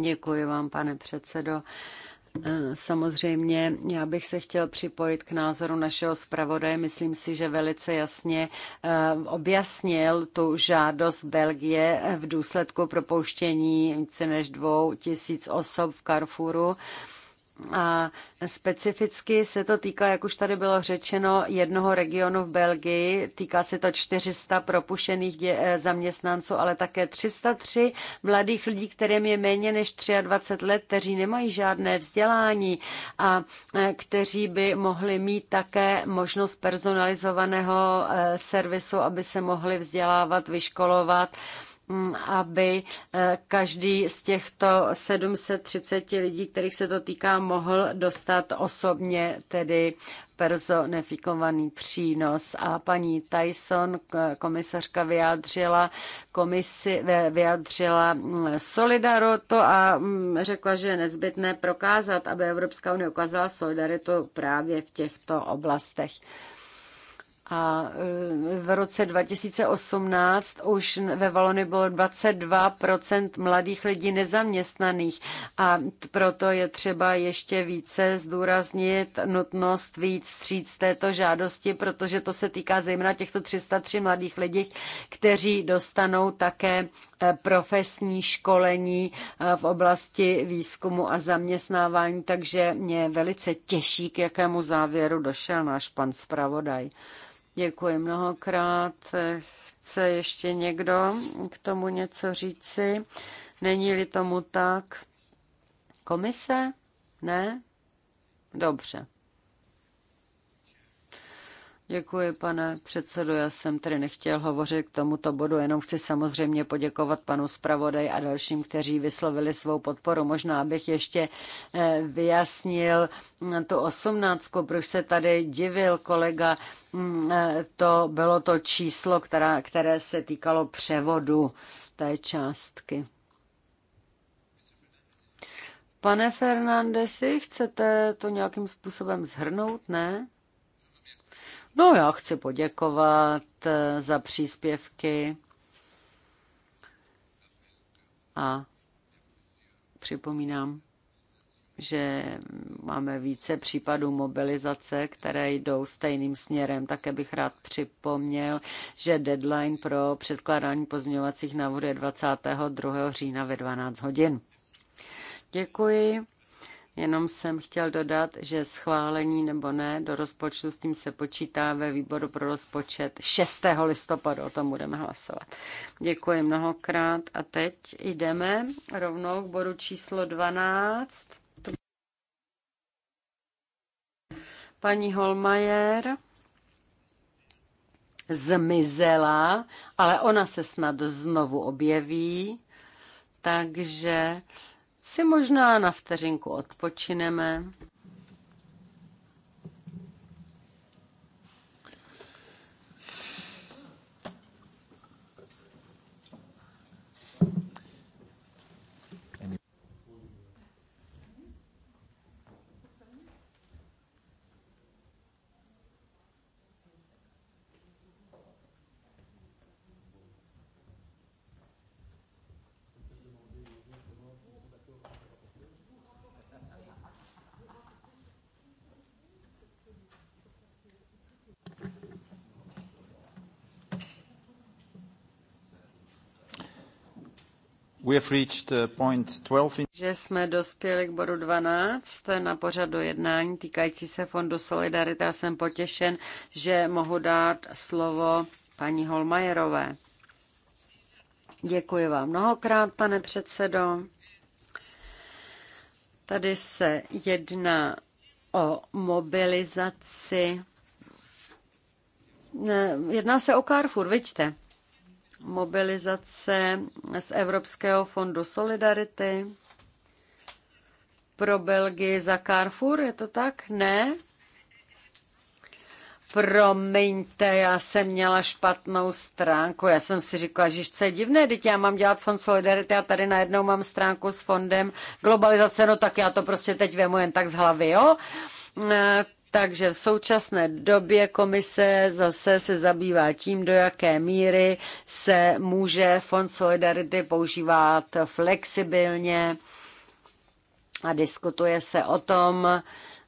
Speaker 3: Děkuji vám, pane předsedo. Eh, samozřejmě já bych se chtěl připojit k názoru našeho zpravodaje. Myslím si, že velice jasně eh, objasnil tu žádost Belgie v důsledku propouštění více než dvou tisíc osob v Carrefouru a specificky se to týká, jak už tady bylo řečeno, jednoho regionu v Belgii. Týká se to 400 propušených eh, zaměstnanců, ale také 303 mladých lidí, kterým je méně než 23 let, kteří nemají žádné vzdělání a eh, kteří by mohli mít také možnost personalizovaného eh, servisu, aby se mohli vzdělávat, vyškolovat Mm, aby eh, každý z těchto 730 lidí, kterých se to týká, mohl dostat osobně tedy personifikovaný přínos. A paní Tyson, komisařka, vyjádřila, komisi, vyjádřila mm, solidaritu a mm, řekla, že je nezbytné prokázat, aby Evropská unie ukázala solidaritu právě v těchto oblastech. A e, v roce 2018 už ve Valony bylo 22% mladých lidí nezaměstnaných a proto je třeba ještě více zdůraznit nutnost víc vstříc této žádosti, protože to se týká zejména těchto 303 mladých lidí, kteří dostanou také e, profesní školení e, v oblasti výzkumu a zaměstnávání, takže mě velice těší, k jakému závěru došel náš pan zpravodaj. Děkuji mnohokrát. Chce ještě někdo k tomu něco říci? Není-li tomu tak? Komise? Ne? Dobře. Děkuji, pane předsedo. Já jsem tedy nechtěl hovořit k tomuto bodu, jenom chci samozřejmě poděkovat panu zpravodaj a dalším, kteří vyslovili svou podporu. Možná bych ještě eh, vyjasnil eh, tu osmnáctku, proč se tady divil kolega. Mm, eh, to bylo to číslo, která, které se týkalo převodu té částky. Pane Fernandesi, chcete to nějakým způsobem zhrnout, ne? No já chci poděkovat eh, za příspěvky a připomínám, že máme více případů mobilizace, které jdou stejným směrem. Také bych rád připomněl, že deadline pro předkládání pozměňovacích návrhů je 22. října ve 12 hodin. Děkuji. Jenom jsem chtěl dodat, že schválení nebo ne do rozpočtu s tím se počítá ve výboru pro rozpočet 6. listopadu. O tom budeme hlasovat. Děkuji mnohokrát a teď jdeme rovnou k bodu číslo 12. Paní Holmajer zmizela, ale ona se snad znovu objeví, takže si možná na vteřinku odpočineme.
Speaker 2: We have reached uh,
Speaker 1: point 12
Speaker 3: Že jsme dospěli k bodu 12 na pořadu jednání týkající se Fondu Solidarita. Já jsem potěšen, že mohu dát slovo paní Holmajerové. Děkuji vám mnohokrát, pane předsedo. Tady se jedná o mobilizaci. Jedná se o Carrefour, vidíte mobilizace z Evropského fondu Solidarity pro Belgii za Carrefour, je to tak? Ne? Promiňte, já jsem měla špatnou stránku. Já jsem si říkala, že co je divné, teď já mám dělat fond Solidarity a tady najednou mám stránku s fondem globalizace, no tak já to prostě teď vemu jen tak z hlavy, jo? Takže v současné době komise zase se zabývá tím, do jaké míry se může Fond Solidarity používat flexibilně a diskutuje se o tom,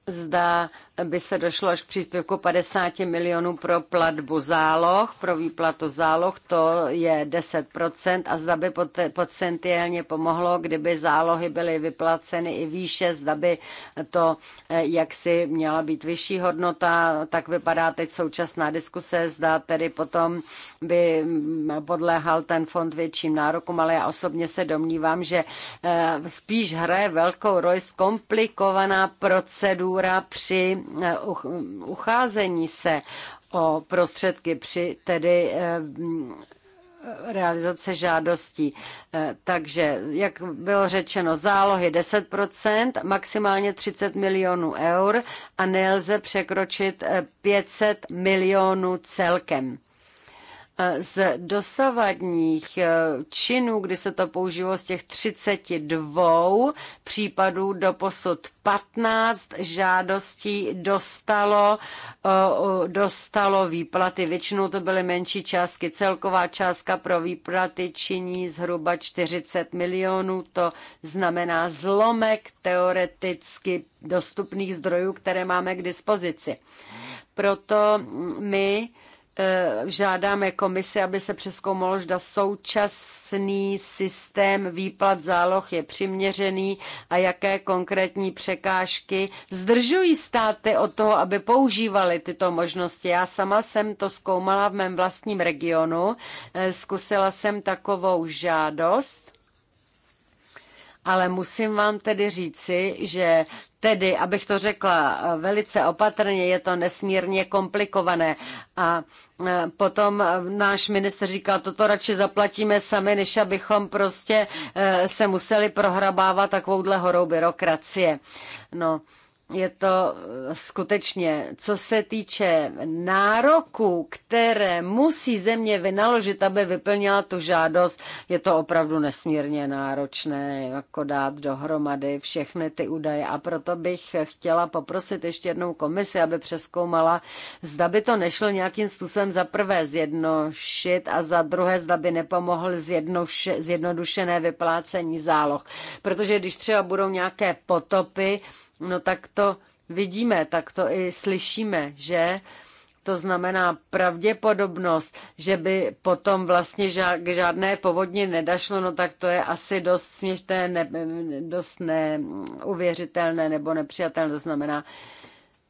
Speaker 3: zda by se došlo až k příspěvku 50 milionů pro platbu záloh, pro výplatu záloh, to je 10% a zda by potenciálně pomohlo, kdyby zálohy byly vyplaceny i výše, zda by to eh, jaksi měla být vyšší hodnota, tak vypadá teď současná diskuse, zda tedy potom by mm, podléhal ten fond větším nárokům, ale já osobně se domnívám, že eh, spíš hraje velkou roli komplikovaná procedura při Eh, ucházení se o prostředky při tedy eh, realizace žádostí. Eh, takže, jak bylo řečeno, zálohy 10%, maximálně 30 milionů eur a nelze překročit 500 milionů celkem. Z dosavadních eh, činů, kdy se to použilo z těch 32 případů do posud 15 žádostí dostalo, eh, dostalo výplaty. Většinou to byly menší částky. Celková částka pro výplaty činí zhruba 40 milionů. To znamená zlomek teoreticky dostupných zdrojů, které máme k dispozici. Proto my Eh, žádáme komisi, aby se přeskoumalo, zda současný systém výplat záloh je přiměřený a jaké konkrétní překážky zdržují státy od toho, aby používali tyto možnosti. Já sama jsem to zkoumala v mém vlastním regionu, eh, zkusila jsem takovou žádost ale musím vám tedy říci, že Tedy, abych to řekla eh, velice opatrně, je to nesmírně komplikované. A eh, potom eh, náš minister říkal, toto radši zaplatíme sami, než abychom prostě se museli prohrabávat takovouhle horou byrokracie. No, je to eh, skutečně, co se týče nároku, které musí země vynaložit, aby vyplnila tu žádost, je to opravdu nesmírně náročné, jako dát dohromady všechny ty údaje. A proto bych chtěla poprosit ještě jednou komisi, aby přeskoumala, zda by to nešlo nějakým způsobem za prvé zjednošit a za druhé, zda by nepomohl zjednodušené vyplácení záloh. Protože když třeba budou nějaké potopy, No tak to vidíme, tak to i slyšíme, že to znamená pravděpodobnost, že by potom vlastně k žádné povodně nedašlo, no tak to je asi dost směšné, ne, dost neuvěřitelné nebo nepřijatelné. To znamená,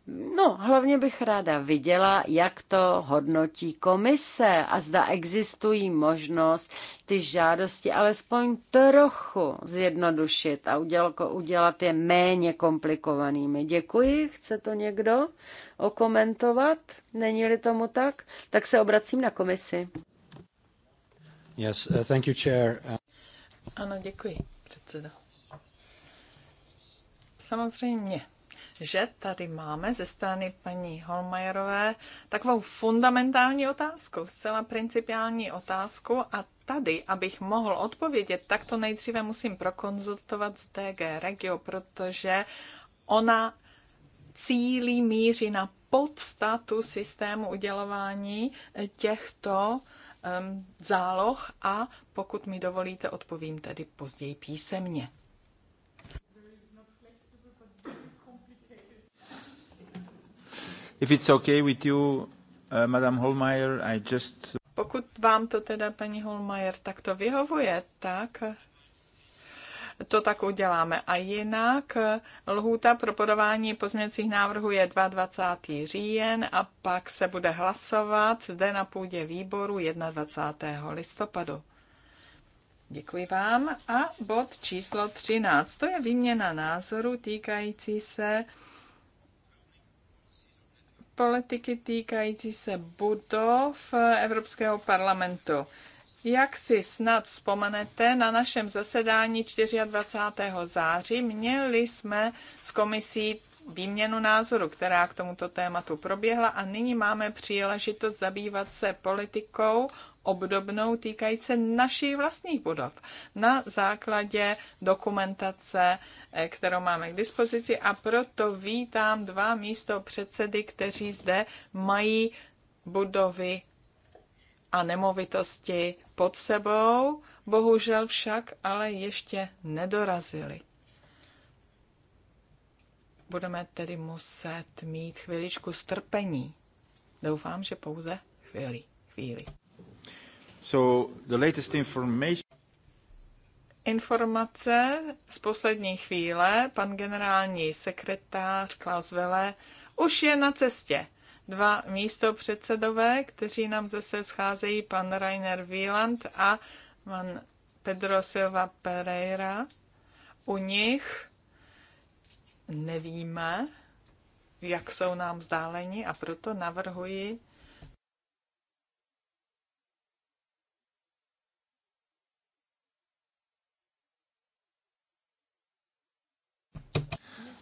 Speaker 3: No, hlavně bych ráda viděla, jak to hodnotí komise a zda existují možnost ty žádosti alespoň trochu zjednodušit a udělat je méně komplikovanými. Děkuji, chce to někdo okomentovat? Není-li tomu tak? Tak se obracím na komisi. Yes, uh, thank you, chair. Ano, děkuji, předseda.
Speaker 1: Samozřejmě že tady máme ze strany paní Holmajerové takovou fundamentální otázku, zcela principiální otázku a tady, abych mohl odpovědět, tak to nejdříve musím prokonzultovat s DG Regio, protože ona cílí míří na podstatu systému udělování těchto um, záloh a pokud mi dovolíte, odpovím tedy později písemně.
Speaker 2: If it's okay with you, uh, Madame Holmeyer, I just... Uh, Pokud
Speaker 1: vám to teda, paní Holmeyer, tak to vyhovuje, tak to tak uděláme. A jinak eh, lhůta pro podování pozměňovacích návrhů je 22. říjen a pak se bude hlasovat zde na půdě výboru 21. listopadu. Děkuji vám. A bod číslo 13, to je výměna názoru týkající se politiky týkající se budov Evropského parlamentu. Jak si snad vzpomenete, na našem zasedání 24. září měli jsme s komisí výměnu názoru, která k tomuto tématu proběhla a nyní máme příležitost zabývat se politikou obdobnou týkající našich vlastních budov na základě dokumentace Eh, kterou máme k dispozici a proto vítám dva místo předsedy, kteří zde mají budovy a nemovitosti pod sebou, bohužel však ale ještě nedorazili. Budeme tedy muset mít chviličku strpení. Doufám, že pouze chvíli. chvíli. So the latest information... Informace z poslední chvíle. Pan generální sekretář Klaus Vele už je na cestě. Dva místo předsedové, kteří nám zase scházejí, pan Rainer Wieland a pan Pedro Silva Pereira. U nich nevíme, jak jsou nám vzdáleni a proto navrhuji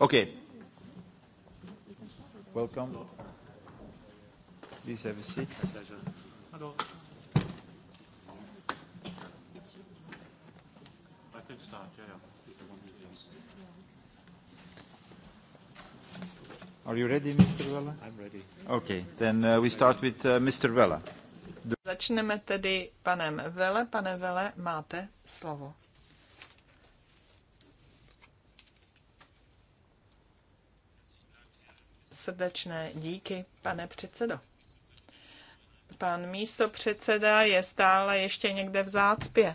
Speaker 1: Okay. Welcome. Please have a seat. Hello. Are you ready, Mr. Vella? I'm ready.
Speaker 2: Okay, then uh, we start with uh, Mr. Vella.
Speaker 1: Začneme tedy panem Vele. Pane Vele, máte slovo. Srdečné díky, pane předsedo. Pan místo předseda je stále ještě někde v zácpě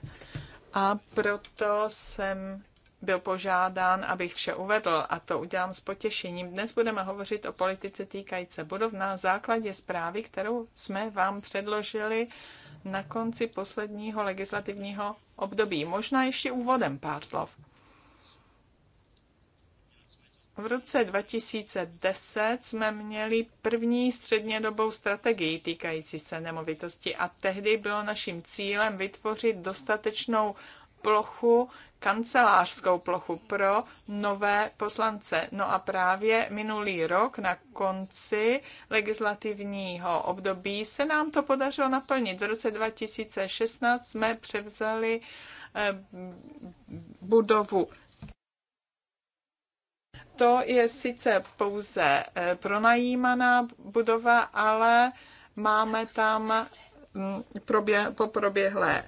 Speaker 1: a proto jsem byl požádán, abych vše uvedl a to udělám s potěšením. Dnes budeme hovořit o politice týkající budov na základě zprávy, kterou jsme vám předložili na konci posledního legislativního období. Možná ještě úvodem pár slov. V roce 2010 jsme měli první střednědobou strategii týkající se nemovitosti a tehdy bylo naším cílem vytvořit dostatečnou plochu, kancelářskou plochu pro nové poslance. No a právě minulý rok na konci legislativního období se nám to podařilo naplnit. V roce 2016 jsme převzali eh, budovu to je sice pouze eh, pronajímaná budova, ale máme tam mm, proběh, po proběhlé eh,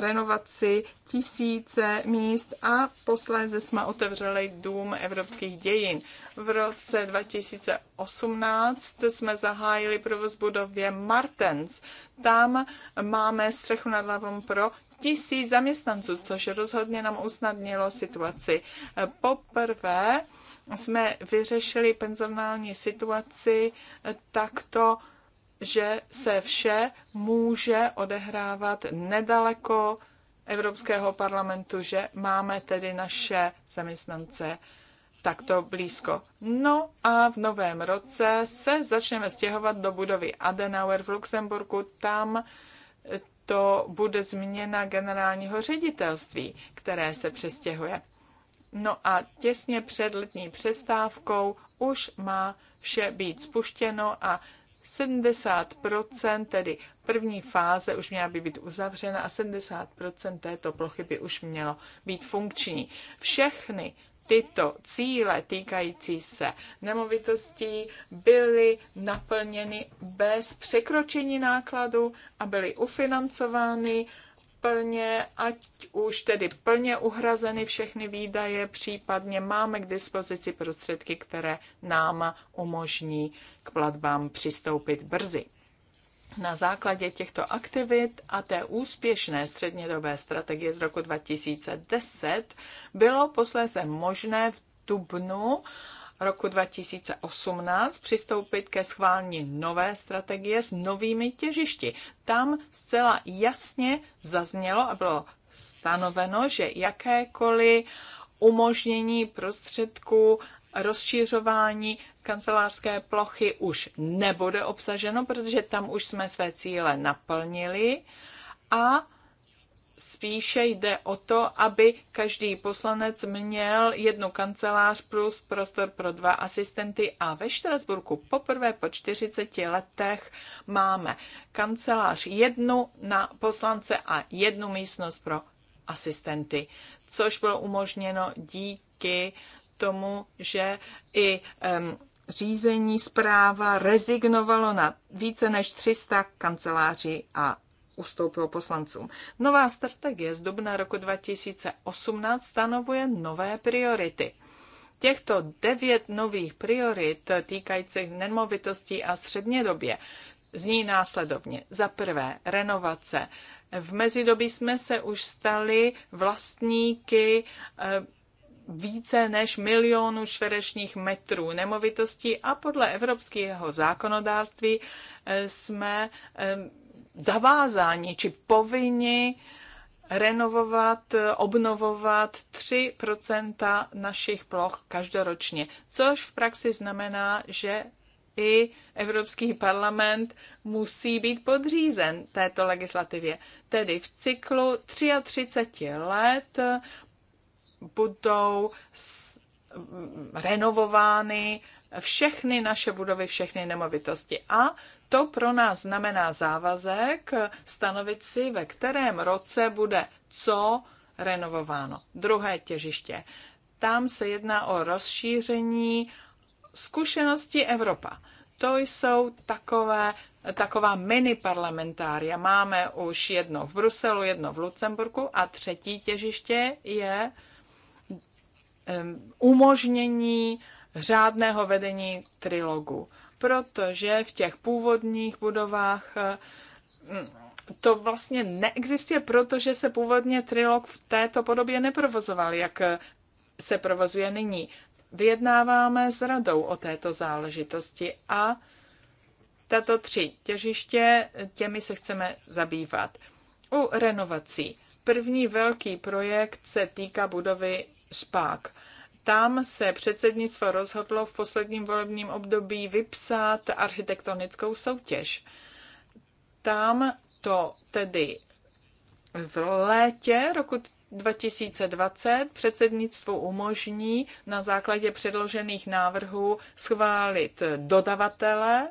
Speaker 1: renovaci tisíce míst a posléze jsme otevřeli Dům evropských dějin. V roce 2018 jsme zahájili provoz budově Martens. Tam máme střechu nad hlavou pro tisíc zaměstnanců, což rozhodně nám usnadnilo situaci. Eh, poprvé jsme vyřešili penzionální situaci takto, že se vše může odehrávat nedaleko Evropského parlamentu, že máme tedy naše zaměstnance takto blízko. No a v novém roce se začneme stěhovat do budovy Adenauer v Luxemburgu. Tam to bude změna generálního ředitelství, které se přestěhuje. No a těsně před letní přestávkou už má vše být spuštěno a 70%, tedy první fáze už měla by být uzavřena a 70% této plochy by už mělo být funkční. Všechny tyto cíle týkající se nemovitostí byly naplněny bez překročení nákladu a byly ufinancovány plně, ať už tedy plně uhrazeny všechny výdaje, případně máme k dispozici prostředky, které nám umožní k platbám přistoupit brzy. Na základě těchto aktivit a té úspěšné střednědobé strategie z roku 2010 bylo posléze možné v dubnu roku 2018 přistoupit ke schválení nové strategie s novými těžišti. Tam zcela jasně zaznělo a bylo stanoveno, že jakékoliv umožnění prostředků rozšířování kancelářské plochy už nebude obsaženo, protože tam už jsme své cíle naplnili a spíše jde o to, aby každý poslanec měl jednu kancelář plus prostor pro dva asistenty a ve Štrasburku poprvé po 40 letech máme kancelář jednu na poslance a jednu místnost pro asistenty, což bylo umožněno díky tomu, že i um, řízení zpráva rezignovalo na více než 300 kanceláří a ustoupilo poslancům. Nová strategie z dubna roku 2018 stanovuje nové priority. Těchto devět nových priorit týkajících nemovitostí a střednědobě zní následovně. Za prvé, renovace. V mezidobí jsme se už stali vlastníky eh, více než milionu čtverečních metrů nemovitostí a podle evropského zákonodárství eh, jsme eh, zavázáni či povinni renovovat, obnovovat 3 našich ploch každoročně, což v praxi znamená, že i Evropský parlament musí být podřízen této legislativě. Tedy v cyklu 33 let budou renovovány všechny naše budovy, všechny nemovitosti. A to pro nás znamená závazek stanovit si, ve kterém roce bude co renovováno. Druhé těžiště. Tam se jedná o rozšíření zkušenosti Evropa. To jsou takové, taková mini parlamentária. Máme už jedno v Bruselu, jedno v Lucemburku a třetí těžiště je umožnění řádného vedení trilogu protože v těch původních budovách eh, mm, to vlastně neexistuje, protože se původně trilog v této podobě neprovozoval, jak eh, se provozuje nyní. Vyjednáváme s radou o této záležitosti a tato tři těžiště, eh, těmi se chceme zabývat. U renovací. První velký projekt se týká budovy Spak tam se předsednictvo rozhodlo v posledním volebním období vypsat architektonickou soutěž. Tam to tedy v létě roku 2020 předsednictvo umožní na základě předložených návrhů schválit dodavatele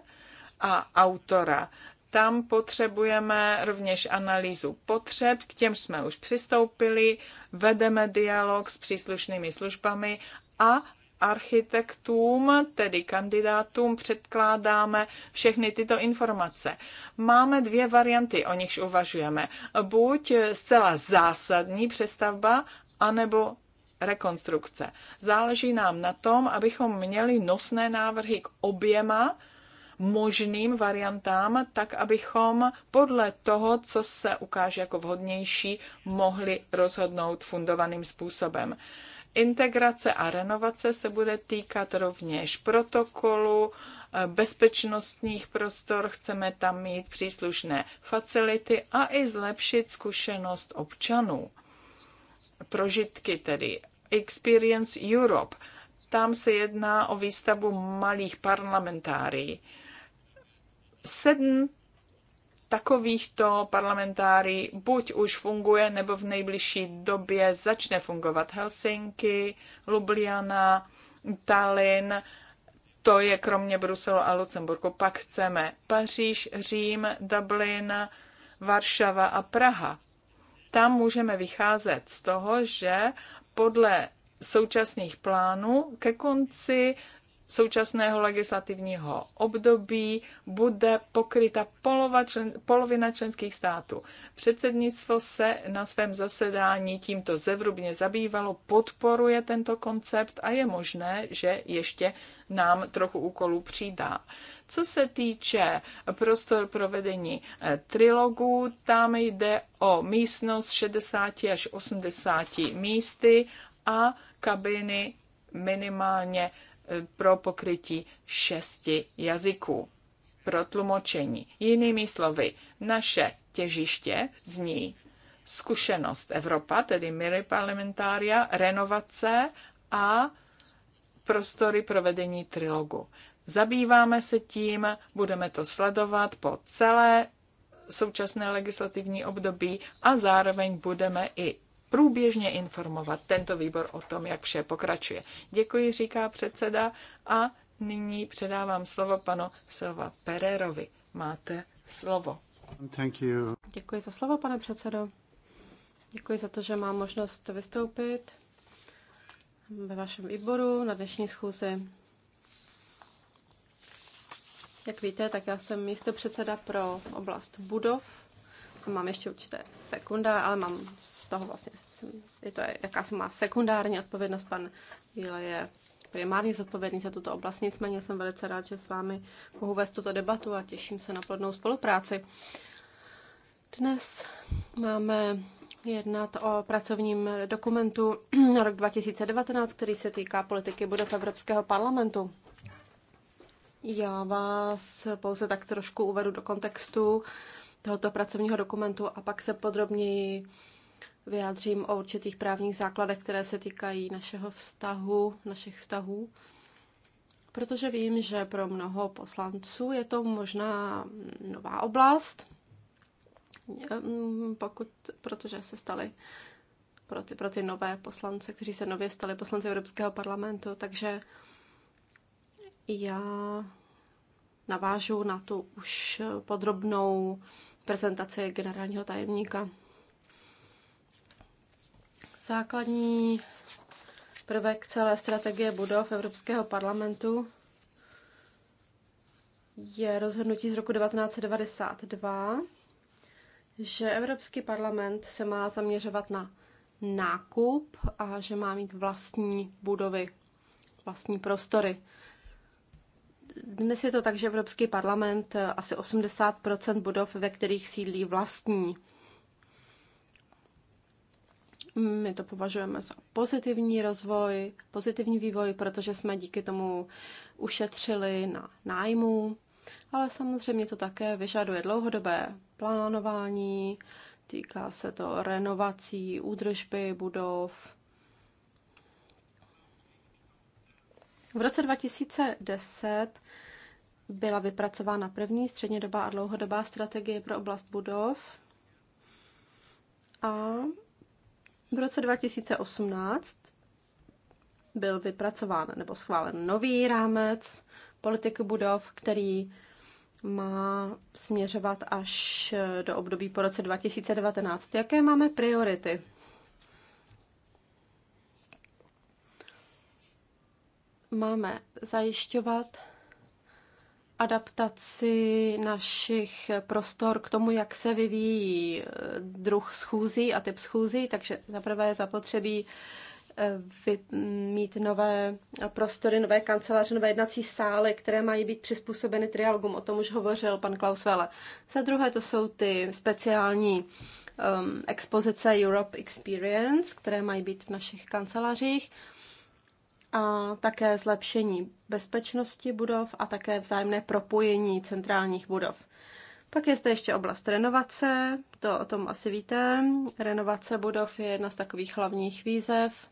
Speaker 1: a autora. Tam potřebujeme rovněž analýzu potřeb, k těm jsme už přistoupili, vedeme dialog s příslušnými službami a architektům, tedy kandidátům, předkládáme všechny tyto informace. Máme dvě varianty, o nichž uvažujeme. Buď zcela zásadní přestavba, anebo rekonstrukce. Záleží nám na tom, abychom měli nosné návrhy k oběma možným variantám, tak abychom podle toho, co se ukáže jako vhodnější, mohli rozhodnout fundovaným způsobem. Integrace a renovace se bude týkat rovněž protokolu, bezpečnostních prostor, chceme tam mít příslušné facility a i zlepšit zkušenost občanů. Prožitky tedy Experience Europe. Tam se jedná o výstavu malých parlamentárií sedm takovýchto parlamentáří buď už funguje, nebo v nejbližší době začne fungovat Helsinki, Ljubljana, Tallinn, to je kromě Bruselu a Lucemburku. Pak chceme Paříž, Řím, Dublin, Varšava a Praha. Tam můžeme vycházet z toho, že podle současných plánů ke konci současného legislativního období bude pokryta polova člen, polovina členských států. Předsednictvo se na svém zasedání tímto zevrubně zabývalo, podporuje tento koncept a je možné, že ještě nám trochu úkolů přidá. Co se týče prostor pro vedení eh, trilogů, tam jde o místnost 60 až 80 místy a kabiny minimálně pro pokrytí šesti jazyků pro tlumočení. Jinými slovy, naše těžiště zní zkušenost Evropa, tedy Miry Parlamentária, renovace a prostory provedení trilogu. Zabýváme se tím, budeme to sledovat po celé současné legislativní období a zároveň budeme i průběžně informovat tento výbor o tom, jak vše pokračuje. Děkuji, říká předseda a nyní předávám slovo
Speaker 2: panu Silva Pererovi. Máte slovo. Thank you. Děkuji za slovo, pane předsedo. Děkuji za to, že mám možnost vystoupit ve vašem výboru na dnešní schůzi. Jak víte, tak já jsem místo předseda pro oblast budov. Mám ještě určité sekunda, ale mám toho vlastně, je to jakási má sekundární odpovědnost, pan Jíle je primárně zodpovědný za tuto oblast, nicméně jsem velice rád, že s vámi mohu vést tuto debatu a těším se na plodnou spolupráci. Dnes máme jednat o pracovním dokumentu na rok 2019, který se týká politiky budov Evropského parlamentu. Já vás pouze tak trošku uvedu do kontextu tohoto pracovního dokumentu a pak se podrobněji vyjádřím o určitých právních základech, které se týkají našeho vztahu, našich vztahů, protože vím, že pro mnoho poslanců je to možná nová oblast, ehm, pokud, protože se staly pro ty, pro ty nové poslance, kteří se nově stali poslanci Evropského parlamentu, takže já navážu na tu už podrobnou prezentaci generálního tajemníka. Základní prvek celé strategie budov Evropského parlamentu je rozhodnutí z roku 1992, že Evropský parlament se má zaměřovat na nákup a že má mít vlastní budovy, vlastní prostory. Dnes je to tak, že Evropský parlament asi 80 budov, ve kterých sídlí vlastní my to považujeme za pozitivní rozvoj, pozitivní vývoj, protože jsme díky tomu ušetřili na nájmu, ale samozřejmě to také vyžaduje dlouhodobé plánování, týká se to renovací, údržby budov. V roce 2010 byla vypracována první střednědobá a dlouhodobá strategie pro oblast budov a v roce 2018 byl vypracován nebo schválen nový rámec politiky budov, který má směřovat až do období po roce 2019. Jaké máme priority? Máme zajišťovat adaptaci našich prostor k tomu, jak se vyvíjí eh, druh schůzí a typ schůzí, takže zaprvé je zapotřebí eh, vy, mm, mít nové prostory, nové kanceláře, nové jednací sály, které mají být přizpůsobeny trialogům. O tom už hovořil pan Klaus Vele. Za druhé to jsou ty speciální um, expozice Europe Experience, které mají být v našich kancelářích a také zlepšení bezpečnosti budov a také vzájemné propojení centrálních budov. Pak je zde ještě oblast renovace, to o tom asi víte. Renovace budov je jedna z takových hlavních výzev.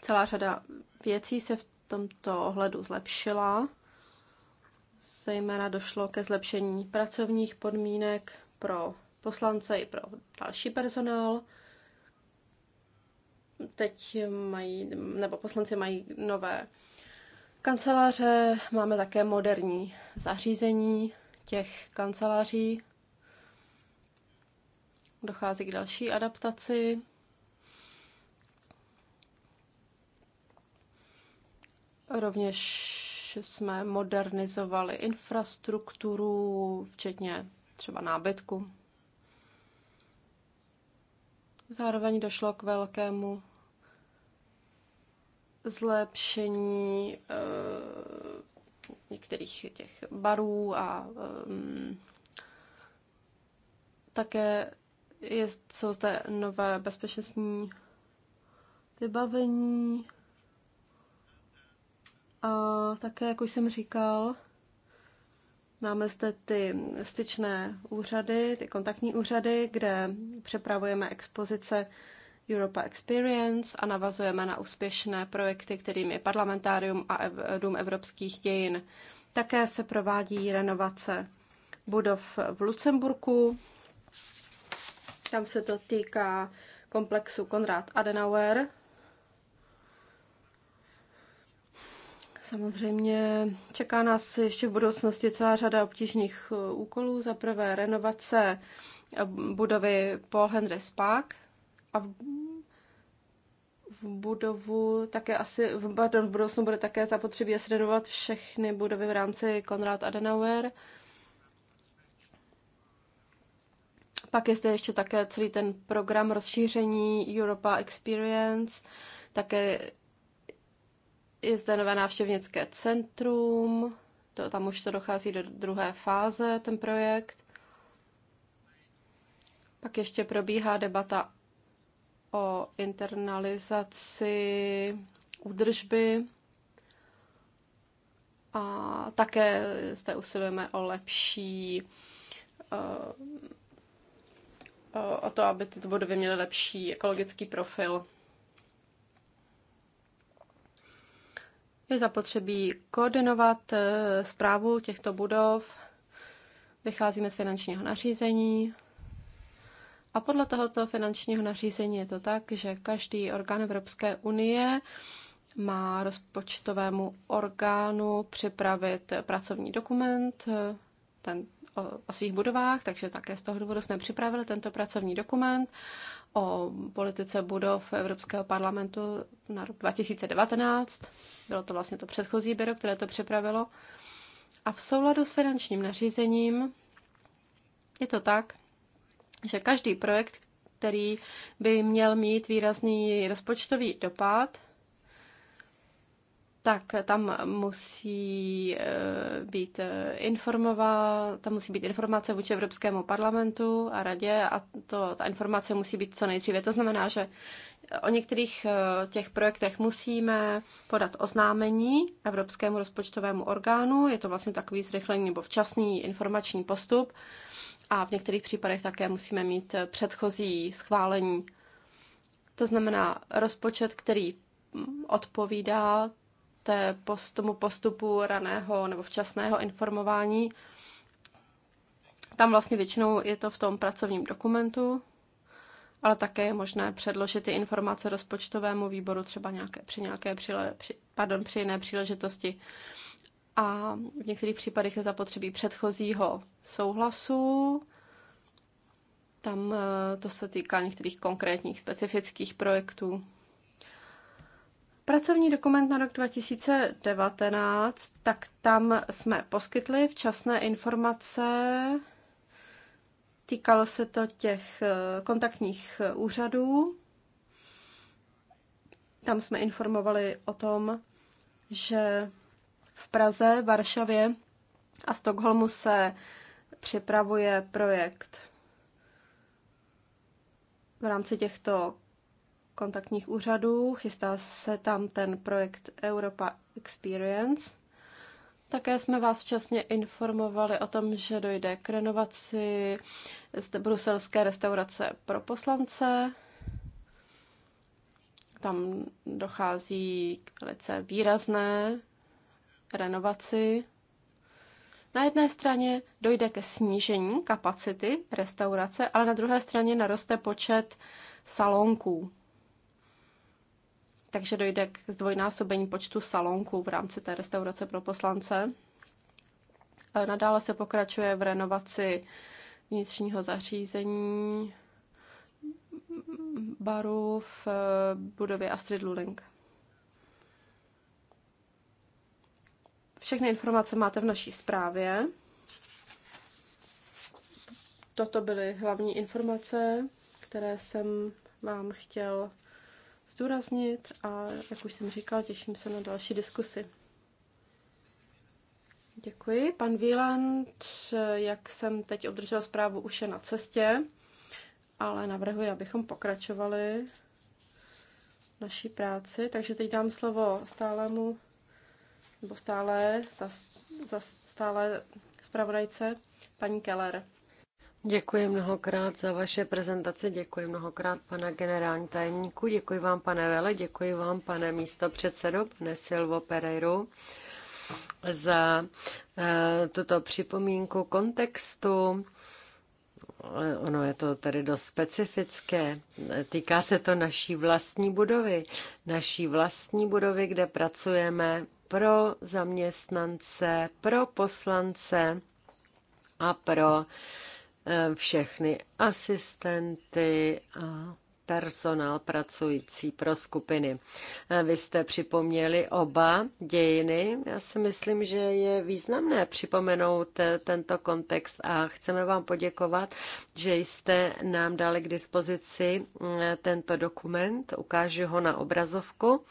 Speaker 2: Celá řada věcí se v tomto ohledu zlepšila. Zejména došlo ke zlepšení pracovních podmínek pro poslance i pro další personál teď mají, nebo poslanci mají nové kanceláře, máme také moderní zařízení těch kanceláří. Dochází k další adaptaci. Rovněž jsme modernizovali infrastrukturu, včetně třeba nábytku. Zároveň došlo k velkému zlepšení eh, některých těch barů a eh, také je, jsou zde nové bezpečnostní vybavení. A také, jak už jsem říkal, Máme zde ty styčné úřady, ty kontaktní úřady, kde přepravujeme expozice Europa Experience a navazujeme na úspěšné projekty, kterým je Parlamentárium a Dům evropských dějin. Také se provádí renovace budov v Lucemburku. Tam se to týká komplexu Konrad Adenauer, Samozřejmě čeká nás ještě v budoucnosti celá řada obtížných eh, úkolů. Za prvé renovace eh, budovy Paul Henry Spark a v budovu také asi, pardon, v budoucnu bude také zapotřebí asi renovovat všechny budovy v rámci Konrad Adenauer. Pak je zde ještě také celý ten program rozšíření Europa Experience, také je zde nové návštěvnické centrum, to, tam už se dochází do druhé fáze, ten projekt. Pak ještě probíhá debata o internalizaci údržby a také zde usilujeme o lepší eh, eh, o to, aby tyto budovy měly lepší ekologický profil. Je zapotřebí koordinovat zprávu eh, těchto budov, vycházíme z finančního nařízení a podle tohoto finančního nařízení je to tak, že každý orgán Evropské unie má rozpočtovému orgánu připravit pracovní dokument, ten o svých budovách, takže také z toho důvodu jsme připravili tento pracovní dokument o politice budov Evropského parlamentu na rok 2019. Bylo to vlastně to předchozí běro, které to připravilo. A v souladu s finančním nařízením je to tak, že každý projekt, který by měl mít výrazný rozpočtový dopad, tak tam musí eh, být eh, informová, tam musí být informace vůči Evropskému parlamentu a radě a to, ta informace musí být co nejdříve. To znamená, že o některých eh, těch projektech musíme podat oznámení Evropskému rozpočtovému orgánu. Je to vlastně takový zrychlený nebo včasný informační postup a v některých případech také musíme mít předchozí schválení. To znamená rozpočet, který mm, odpovídá té post, tomu postupu raného nebo včasného informování. Tam vlastně většinou je to v tom pracovním dokumentu, ale také je možné předložit ty informace rozpočtovému výboru třeba nějaké, při nějaké přile, při, pardon, při jiné příležitosti. A v některých případech je zapotřebí předchozího souhlasu. Tam eh, to se týká některých konkrétních specifických projektů. Pracovní dokument na rok 2019, tak tam jsme poskytli včasné informace. Týkalo se to těch eh, kontaktních eh, úřadů. Tam jsme informovali o tom, že v Praze, Varšavě a Stockholmu se připravuje projekt v rámci těchto kontaktních úřadů. Chystá se tam ten projekt Europa Experience. Také jsme vás včasně informovali o tom, že dojde k renovaci z bruselské restaurace pro poslance. Tam dochází k velice výrazné renovaci. Na jedné straně dojde ke snížení kapacity restaurace, ale na druhé straně naroste počet salonků takže dojde k zdvojnásobení počtu salonků v rámci té restaurace pro poslance. Nadále se pokračuje v renovaci vnitřního zařízení baru v eh, budově Astrid Luling. Všechny informace máte v naší zprávě. Toto byly hlavní informace, které jsem vám chtěl zdůraznit a, jak už jsem říkal, těším se na další diskusy. Děkuji. Pan Wieland, jak jsem teď obdržel zprávu, už je na cestě, ale navrhuji, abychom pokračovali naší práci. Takže teď dám slovo stálemu, nebo stále, za, za stále zpravodajce paní Keller.
Speaker 3: Děkuji mnohokrát za vaše prezentace. děkuji mnohokrát pana generální tajemníku, děkuji vám pane Vele, děkuji vám pane místo předsedo, pane Silvo Pereiru za eh, tuto připomínku kontextu. Ono je to tady dost specifické. Týká se to naší vlastní budovy. Naší vlastní budovy, kde pracujeme pro zaměstnance, pro poslance a pro uh, Eh, všechny asistenty a personál pracující pro skupiny. Eh, vy jste připomněli oba dějiny. Já si myslím, že je významné připomenout eh, tento kontext a chceme vám poděkovat, že jste nám dali k dispozici tento dokument. Ukážu ho na obrazovku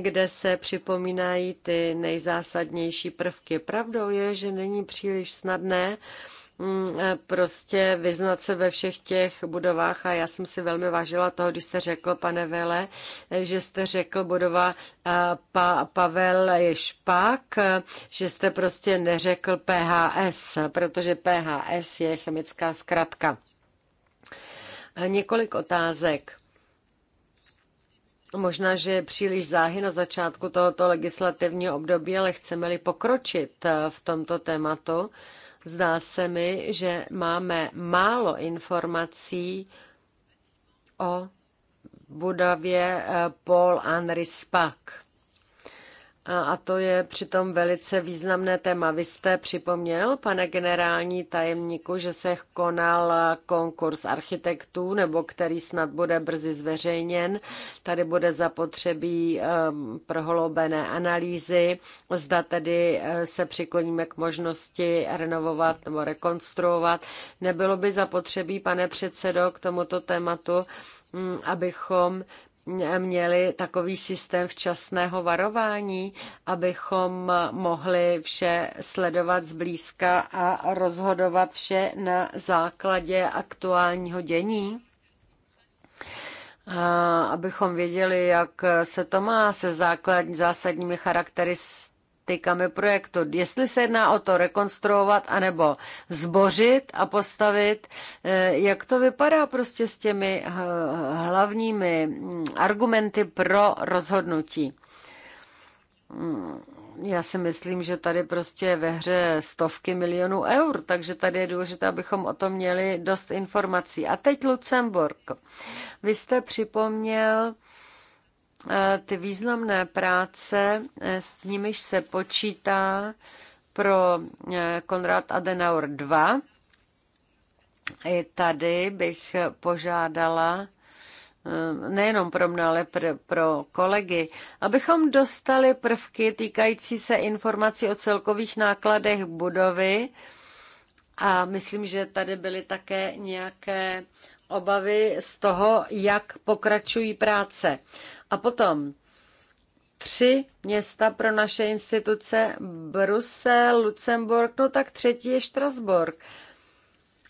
Speaker 3: kde se připomínají ty nejzásadnější prvky. Pravdou je, že není příliš snadné Mm, eh, prostě vyznat se ve všech těch budovách a já jsem si velmi vážila toho, když jste řekl, pane Vele, eh, že jste řekl budova eh, pa, Pavel je špák, že jste prostě neřekl PHS, protože PHS je chemická zkratka. Několik otázek. Možná, že je příliš záhy na začátku tohoto legislativního období, ale chceme-li pokročit v tomto tématu, Zdá se mi, že máme málo informací o budově eh, Paul Henry Spack. A to je přitom velice významné téma. Vy jste připomněl, pane generální tajemníku, že se konal konkurs architektů, nebo který snad bude brzy zveřejněn. Tady bude zapotřebí prohloubené analýzy. Zda tedy eh, se přikloníme k možnosti renovovat nebo rekonstruovat. Nebylo by zapotřebí, pane předsedo, k tomuto tématu mm, abychom měli takový systém včasného varování, abychom mohli vše sledovat zblízka a rozhodovat vše na základě aktuálního dění? abychom věděli, jak se to má se základní zásadními charakteristikami politikami projektu. Jestli se jedná o to rekonstruovat anebo zbořit a postavit, eh, jak to vypadá prostě s těmi eh, hlavními mm, argumenty pro rozhodnutí. Mm, já si myslím, že tady prostě je ve hře stovky milionů eur, takže tady je důležité, abychom o tom měli dost informací. A teď Lucemburg. Vy jste připomněl Eh, ty významné práce, eh, s nimiž se počítá pro eh, Konrad Adenauer 2. I tady bych požádala nejenom pro mne, ale pr- pro kolegy, abychom dostali prvky týkající se informací o celkových nákladech budovy, a myslím, že tady byly také nějaké obavy z toho, jak pokračují práce. A potom tři města pro naše instituce, Brusel, Lucemburg, no tak třetí je Štrasburg.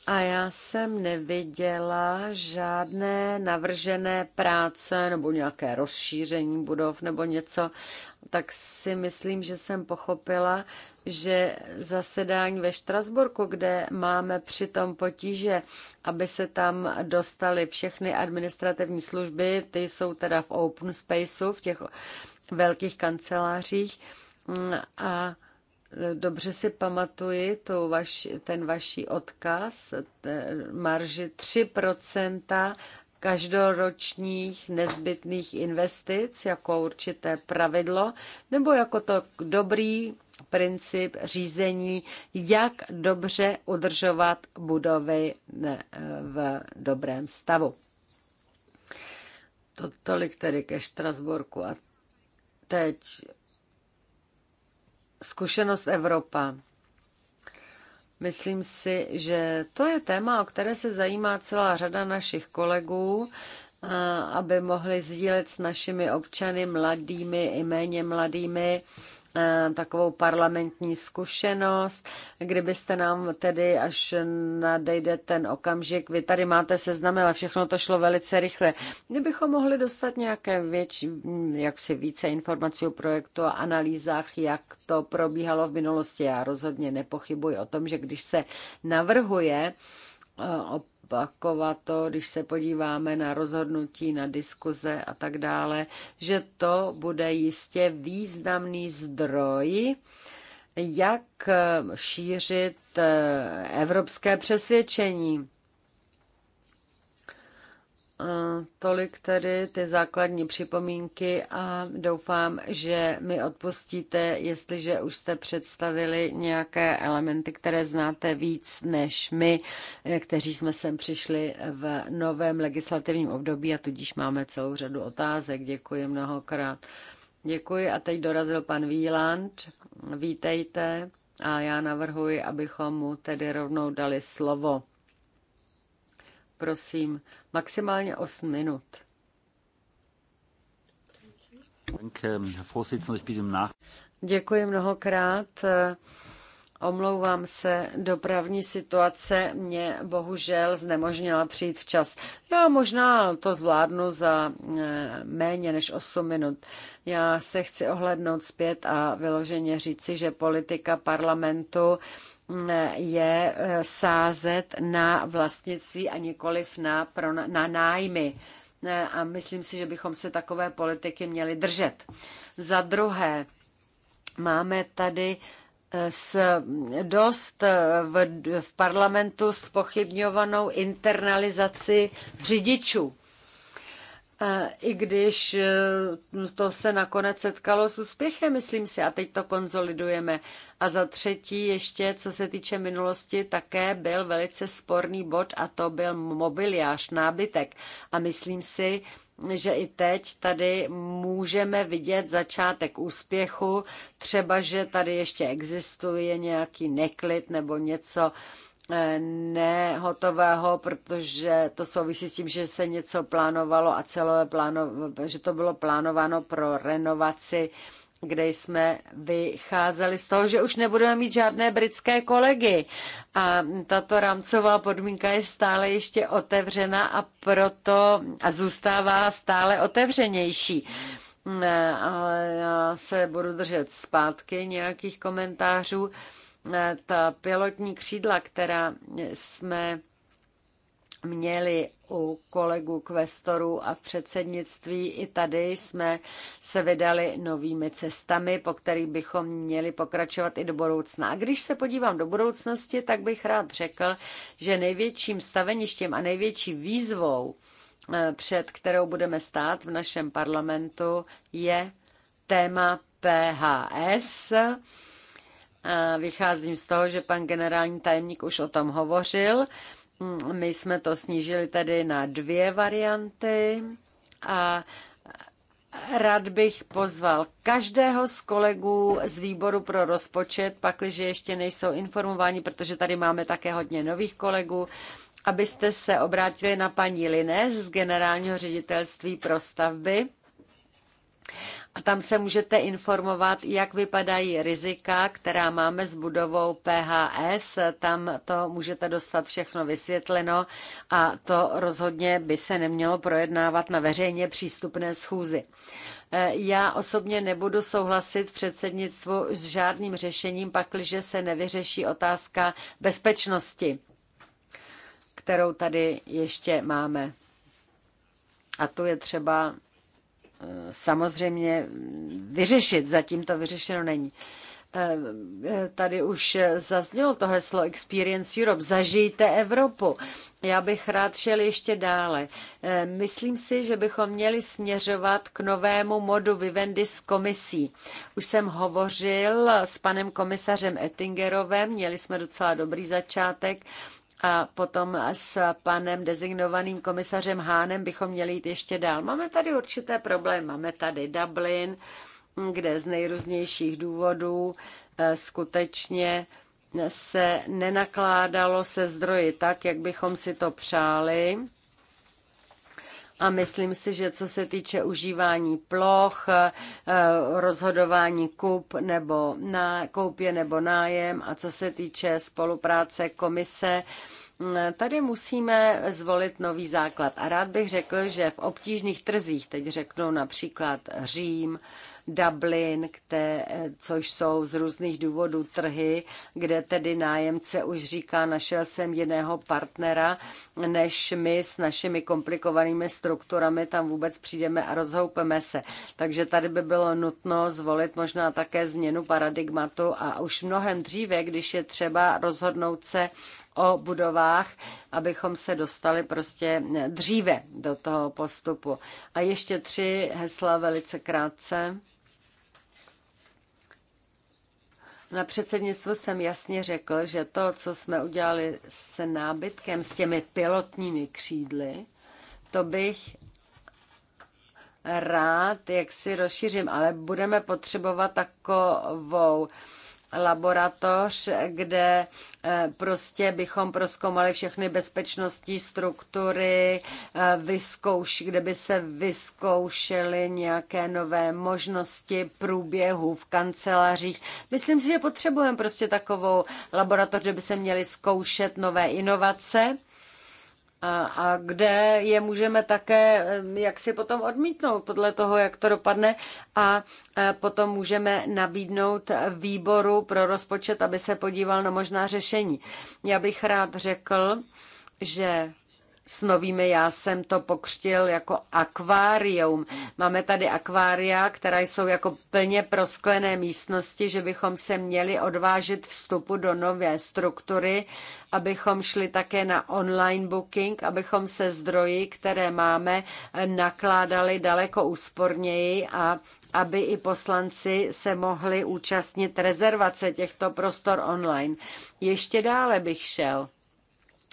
Speaker 3: A já jsem neviděla žádné navržené práce nebo nějaké rozšíření budov nebo něco, tak si myslím, že jsem pochopila, že zasedání ve Štrasburku, kde máme přitom potíže, aby se tam dostaly všechny administrativní služby, ty jsou teda v open spaceu, v těch velkých kancelářích mm, a Dobře si pamatuji tu vaš, ten vaší odkaz, marži 3% každoročních nezbytných investic jako určité pravidlo, nebo jako to dobrý princip řízení, jak dobře udržovat budovy v dobrém stavu. To tolik tedy ke Štrasburku a teď Zkušenost Evropa. Myslím si, že to je téma, o které se zajímá celá řada našich kolegů, aby mohli sdílet s našimi občany, mladými i méně mladými, Eh, takovou parlamentní zkušenost. Kdybyste nám tedy, až nadejde ten okamžik, vy tady máte seznamy, ale všechno to šlo velice rychle. Kdybychom mohli dostat nějaké větší, jak si více informací o projektu a analýzách, jak to probíhalo v minulosti, já rozhodně nepochybuji o tom, že když se navrhuje, opakovat to, když se podíváme na rozhodnutí, na diskuze a tak dále, že to bude jistě významný zdroj, jak šířit eh, evropské přesvědčení. Eh, tolik tedy ty základní připomínky a doufám, že mi odpustíte, jestliže už jste představili nějaké elementy, které znáte víc než my, eh, kteří jsme sem přišli v novém legislativním období a tudíž máme celou řadu otázek. Děkuji mnohokrát. Děkuji a teď dorazil pan Víland. Vítejte a já navrhuji, abychom mu tedy rovnou dali slovo. Prosím, maximálně 8 minut. Um Děkuji mnohokrát. Omlouvám se, dopravní situace mě bohužel znemožnila přijít včas. Já možná to zvládnu za eh, méně než 8 minut. Já se chci ohlednout zpět a vyloženě říci, že politika parlamentu je eh, sázet na vlastnictví a nikoliv na, pro, na nájmy. Eh, a myslím si, že bychom se takové politiky měli držet. Za druhé, máme tady eh, s dost v, v parlamentu spochybňovanou internalizaci řidičů i když e, to se nakonec setkalo s úspěchem, myslím si, a teď to konzolidujeme. A za třetí ještě, co se týče minulosti, také byl velice sporný bod a to byl mobiliář, nábytek. A myslím si, že i teď tady můžeme vidět začátek úspěchu, třeba že tady ještě existuje nějaký neklid nebo něco, Eh, nehotového, protože to souvisí s tím, že se něco plánovalo a celé pláno, že to bylo plánováno pro renovaci, kde jsme vycházeli z toho, že už nebudeme mít žádné britské kolegy. A tato rámcová podmínka je stále ještě otevřena a proto a zůstává stále otevřenější. Ne, eh, ale já se budu držet zpátky nějakých komentářů. Eh, ta pilotní křídla, která jsme měli u kolegů kvestorů a v předsednictví. I tady jsme se vydali novými cestami, po kterých bychom měli pokračovat i do budoucna. A když se podívám do budoucnosti, tak bych rád řekl, že největším staveništěm a největší výzvou, eh, před kterou budeme stát v našem parlamentu, je téma PHS a vycházím z toho, že pan generální tajemník už o tom hovořil. My jsme to snížili tedy na dvě varianty a Rád bych pozval každého z kolegů z výboru pro rozpočet, pakliže ještě nejsou informováni, protože tady máme také hodně nových kolegů, abyste se obrátili na paní Lines z Generálního ředitelství pro stavby a tam se můžete informovat, jak vypadají rizika, která máme s budovou PHS. Tam to můžete dostat všechno vysvětleno a to rozhodně by se nemělo projednávat na veřejně přístupné schůzi. E, já osobně nebudu souhlasit v předsednictvu s žádným řešením, pakliže se nevyřeší otázka bezpečnosti, kterou tady ještě máme. A tu je třeba samozřejmě vyřešit. Zatím to vyřešeno není. Tady už zaznělo to heslo Experience Europe, zažijte Evropu. Já bych rád šel ještě dále. Myslím si, že bychom měli směřovat k novému modu Vivendi s komisí. Už jsem hovořil s panem komisařem Ettingerovem, měli jsme docela dobrý začátek a potom s panem dezignovaným komisařem Hánem bychom měli jít ještě dál. Máme tady určité problémy. Máme tady Dublin, kde z nejrůznějších důvodů eh, skutečně se nenakládalo se zdroji tak, jak bychom si to přáli a myslím si, že co se týče užívání ploch, eh, rozhodování kup nebo na, koupě nebo nájem a co se týče spolupráce komise, mm, Tady musíme zvolit nový základ. A rád bych řekl, že v obtížných trzích, teď řeknu například Řím, Dublin, které, což jsou z různých důvodů trhy, kde tedy nájemce už říká, našel jsem jiného partnera, než my s našimi komplikovanými strukturami tam vůbec přijdeme a rozhoupeme se. Takže tady by bylo nutno zvolit možná také změnu paradigmatu a už mnohem dříve, když je třeba rozhodnout se o budovách, abychom se dostali prostě dříve do toho postupu. A ještě tři hesla velice krátce. Na předsednictvu jsem jasně řekl, že to, co jsme udělali s nábytkem, s těmi pilotními křídly, to bych rád, jak si rozšířím, ale budeme potřebovat takovou laboratoř, kde eh, prostě bychom proskoumali všechny bezpečnostní struktury, eh, vyzkouš, kde by se vyzkoušely nějaké nové možnosti průběhu v kancelářích. Myslím si, že potřebujeme prostě takovou laboratoř, kde by se měly zkoušet nové inovace a, a kde je můžeme také jak si potom odmítnout podle toho, jak to dopadne a e, potom můžeme nabídnout výboru pro rozpočet, aby se podíval na možná řešení. Já bych rád řekl, že s novými, já jsem to pokřtil jako akvárium. Máme tady akvária, která jsou jako plně prosklené místnosti, že bychom se měli odvážit vstupu do nové struktury, abychom šli také na online booking, abychom se zdroji, které máme, nakládali daleko úsporněji a aby i poslanci se mohli účastnit rezervace těchto prostor online. Ještě dále bych šel.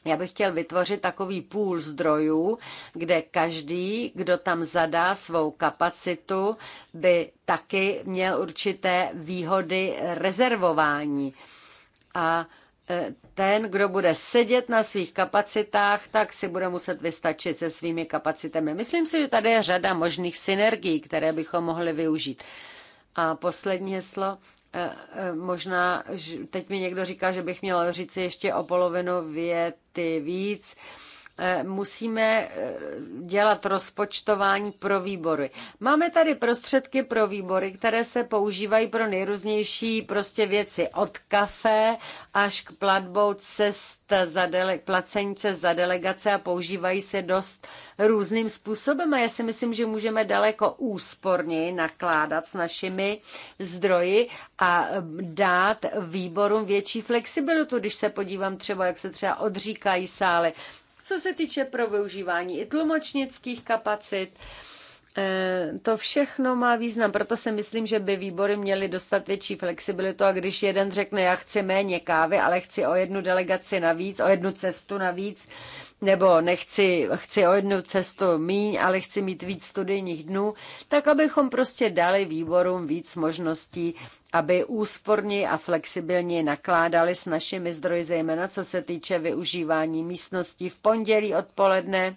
Speaker 3: Já bych chtěl vytvořit takový půl zdrojů, kde každý, kdo tam zadá svou kapacitu, by taky měl určité výhody rezervování. A e, ten, kdo bude sedět na svých kapacitách, tak si bude muset vystačit se svými kapacitami. Myslím si, že tady je řada možných synergií, které bychom mohli využít. A poslední heslo, Eh, eh, možná, teď mi někdo říká, že bych měla říci ještě o polovinu věty víc. Eh, musíme eh, dělat rozpočtování pro výbory. Máme tady prostředky pro výbory, které se používají pro nejrůznější prostě věci od kafe až k platbou cest za dele, placení cest za delegace a používají se dost různým způsobem a já si myslím, že můžeme daleko úsporněji nakládat s našimi zdroji a dát výborům větší flexibilitu, když se podívám třeba, jak se třeba odříkají sály, co se týče pro využívání i tlumočnických kapacit, eh, to všechno má význam, proto si myslím, že by výbory měly dostat větší flexibilitu a když jeden řekne, já chci méně kávy, ale chci o jednu delegaci navíc, o jednu cestu navíc, nebo nechci, chci o jednu cestu míň, ale chci mít víc studijních dnů, tak abychom prostě dali výborům víc možností, aby úsporně a flexibilně nakládali s našimi zdroji, zejména co se týče využívání místností v pondělí odpoledne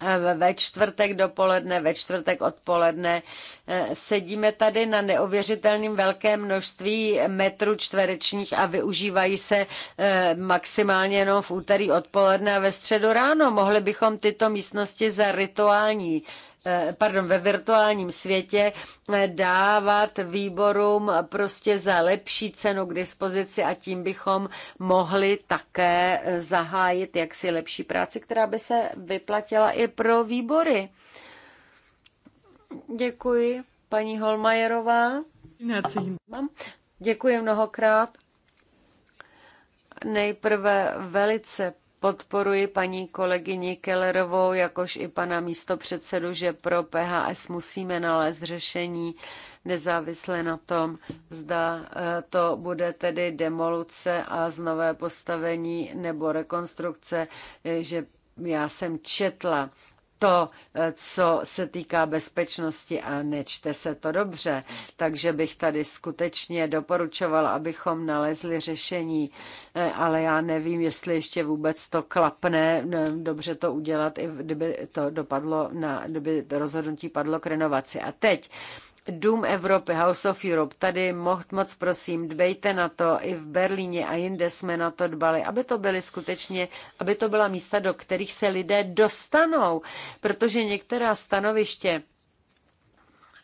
Speaker 3: Eh, ve čtvrtek dopoledne, ve čtvrtek odpoledne. Eh, sedíme tady na neuvěřitelným velkém množství metrů čtverečních a využívají se eh, maximálně jenom v úterý odpoledne a ve středu ráno. Mohli bychom tyto místnosti za rituální Eh, pardon, ve virtuálním světě eh, dávat výborům prostě za lepší cenu k dispozici a tím bychom mohli také eh, zahájit jaksi lepší práci, která by se vyplatila i pro výbory. Děkuji, paní Holmajerová. Mám. Děkuji mnohokrát. Nejprve velice podporuji paní kolegyni Kellerovou, jakož i pana místopředsedu, že pro PHS musíme nalézt řešení nezávisle na tom, zda eh, to bude tedy demoluce a znové postavení nebo rekonstrukce, eh, že já jsem četla to, eh, co se týká bezpečnosti a nečte se to dobře. Takže bych tady skutečně doporučovala, abychom nalezli řešení, eh, ale já nevím, jestli ještě vůbec to klapne, dobře to udělat, i kdyby to dopadlo na, kdyby rozhodnutí padlo k renovaci. A teď Dům Evropy, House of Europe, tady moc, moc prosím, dbejte na to, i v Berlíně a jinde jsme na to dbali, aby to byly skutečně, aby to byla místa, do kterých se lidé dostanou, protože některá stanoviště,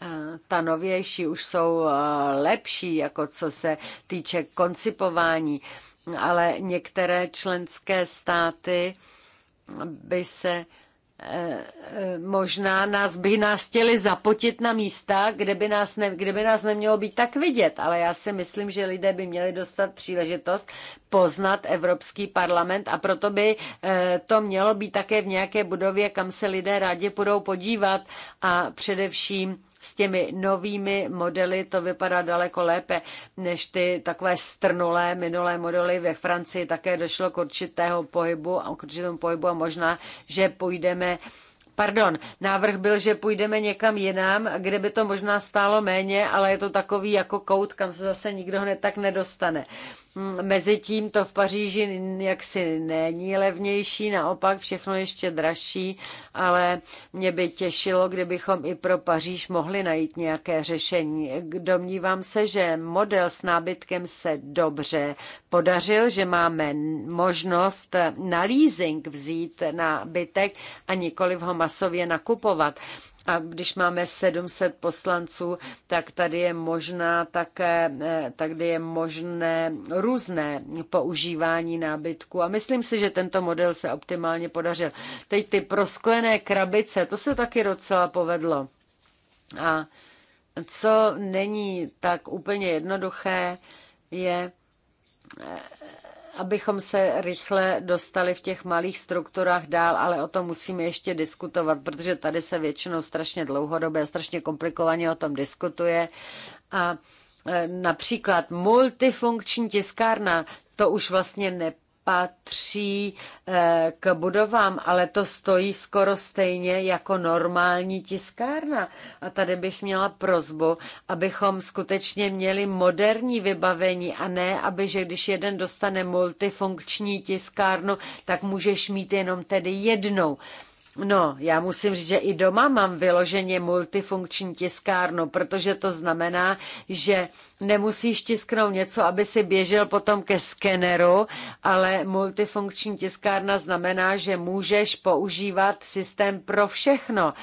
Speaker 3: eh, ta novější už jsou eh, lepší, jako co se týče koncipování, ale některé členské státy by se Eh, možná nás by nás chtěli zapotit na místa, kde by, nás ne, kde by nás nemělo být tak vidět, ale já si myslím, že lidé by měli dostat příležitost poznat Evropský parlament a proto by eh, to mělo být také v nějaké budově, kam se lidé rádi budou podívat a především s těmi novými modely to vypadá daleko lépe než ty takové strnulé minulé modely. Ve Francii také došlo k určitého pohybu a k určitému pohybu a možná, že půjdeme Pardon, návrh byl, že půjdeme někam jinam, kde by to možná stálo méně, ale je to takový jako kout, kam se zase nikdo hned tak nedostane. Hmm. Mezitím to v Paříži jaksi není levnější, naopak všechno ještě dražší, ale mě by těšilo, kdybychom i pro Paříž mohli najít nějaké řešení. Domnívám se, že model s nábytkem se dobře podařil, že máme možnost na leasing vzít nábytek a nikoli ho masově nakupovat. A když máme 700 poslanců, tak tady je možná také, eh, tady je možné různé používání nábytku. A myslím si, že tento model se optimálně podařil. Teď ty prosklené krabice, to se taky docela povedlo. A co není tak úplně jednoduché, je eh, abychom se rychle dostali v těch malých strukturách dál, ale o tom musíme ještě diskutovat, protože tady se většinou strašně dlouhodobě, strašně komplikovaně o tom diskutuje. A e, například multifunkční tiskárna, to už vlastně ne, patří eh, k budovám, ale to stojí skoro stejně jako normální tiskárna. A tady bych měla prozbu, abychom skutečně měli moderní vybavení a ne, aby, že když jeden dostane multifunkční tiskárnu, tak můžeš mít jenom tedy jednou. No, já musím říct, že i doma mám vyloženě multifunkční tiskárnu, protože to znamená, že nemusíš tisknout něco, aby si běžel potom ke skeneru, ale multifunkční tiskárna znamená, že můžeš používat systém pro všechno.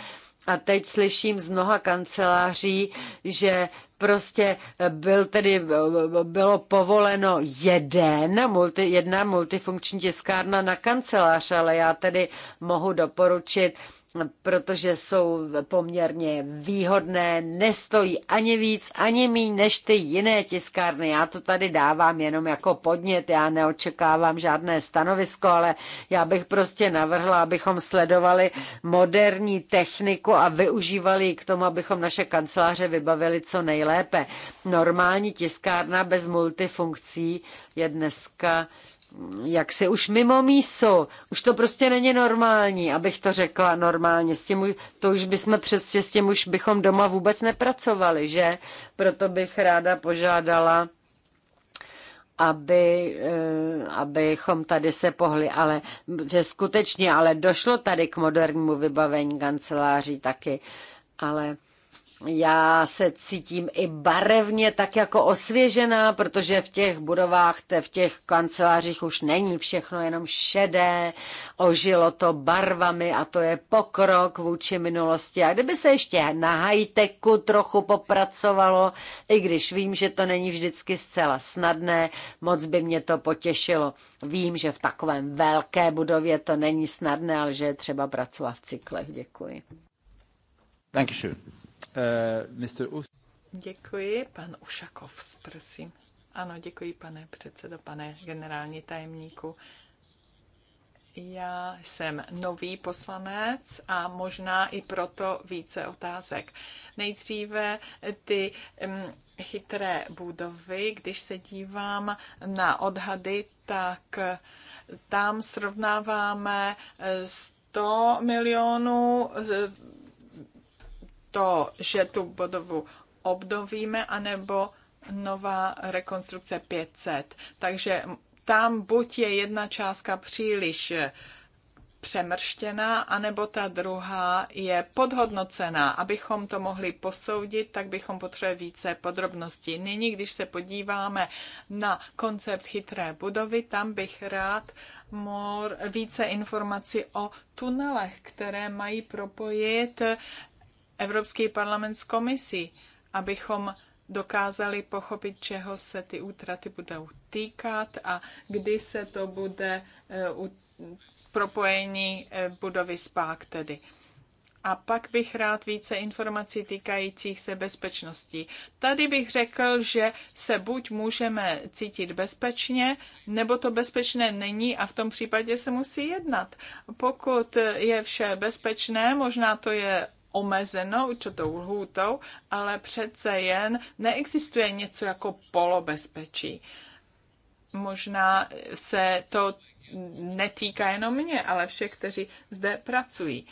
Speaker 3: A teď slyším z mnoha kanceláří, že Prostě eh, byl tedy, eh, bylo povoleno jeden, multi, jedna multifunkční tiskárna na kancelář, ale já tedy mohu doporučit protože jsou poměrně výhodné, nestojí ani víc, ani mí než ty jiné tiskárny. Já to tady dávám jenom jako podnět, já neočekávám žádné stanovisko, ale já bych prostě navrhla, abychom sledovali moderní techniku a využívali ji k tomu, abychom naše kanceláře vybavili co nejlépe. Normální tiskárna bez multifunkcí je dneska jak se už mimo mísu. Už to prostě není normální, abych to řekla normálně. S tím, to už bychom přesně s tím už bychom doma vůbec nepracovali, že? Proto bych ráda požádala aby, eh, abychom tady se pohli, ale že skutečně, ale došlo tady k modernímu vybavení kanceláří taky, ale já se cítím i barevně tak jako osvěžená, protože v těch budovách, v těch kancelářích už není všechno jenom šedé, ožilo to barvami a to je pokrok vůči minulosti. A kdyby se ještě na high-techu trochu popracovalo, i když vím, že to není vždycky zcela snadné, moc by mě to potěšilo. Vím, že v takovém velké budově to není snadné, ale že je třeba pracovat v cyklech. Děkuji.
Speaker 2: Dankeschön. Eh, Mr. Us-
Speaker 1: Děkuji, pan Ušakov, prosím. Ano, děkuji, pane předsedo, pane generální tajemníku. Já jsem nový poslanec a možná i proto více otázek. Nejdříve ty um, chytré budovy, když se dívám na odhady, tak eh, tam srovnáváme 100 eh, milionů to, že tu budovu obdovíme, anebo nová rekonstrukce 500. Takže tam buď je jedna částka příliš přemrštěná, anebo ta druhá je podhodnocená. Abychom to mohli posoudit, tak bychom potřebovali více podrobností. Nyní, když se podíváme na koncept chytré budovy, tam bych rád more, více informací o tunelech, které mají propojit Evropský parlament s komisí, abychom dokázali pochopit, čeho se ty útraty budou týkat a kdy se to bude e, u propojení e, budovy spák tedy. A pak bych rád více informací týkajících se bezpečnosti. Tady bych řekl, že se buď můžeme cítit bezpečně, nebo to bezpečné není a v tom případě se musí jednat. Pokud je vše bezpečné, možná to je omezeno určitou lhůtou, ale přece jen neexistuje něco jako polobezpečí. Možná se to netýká jenom mě, ale všech, kteří zde pracují.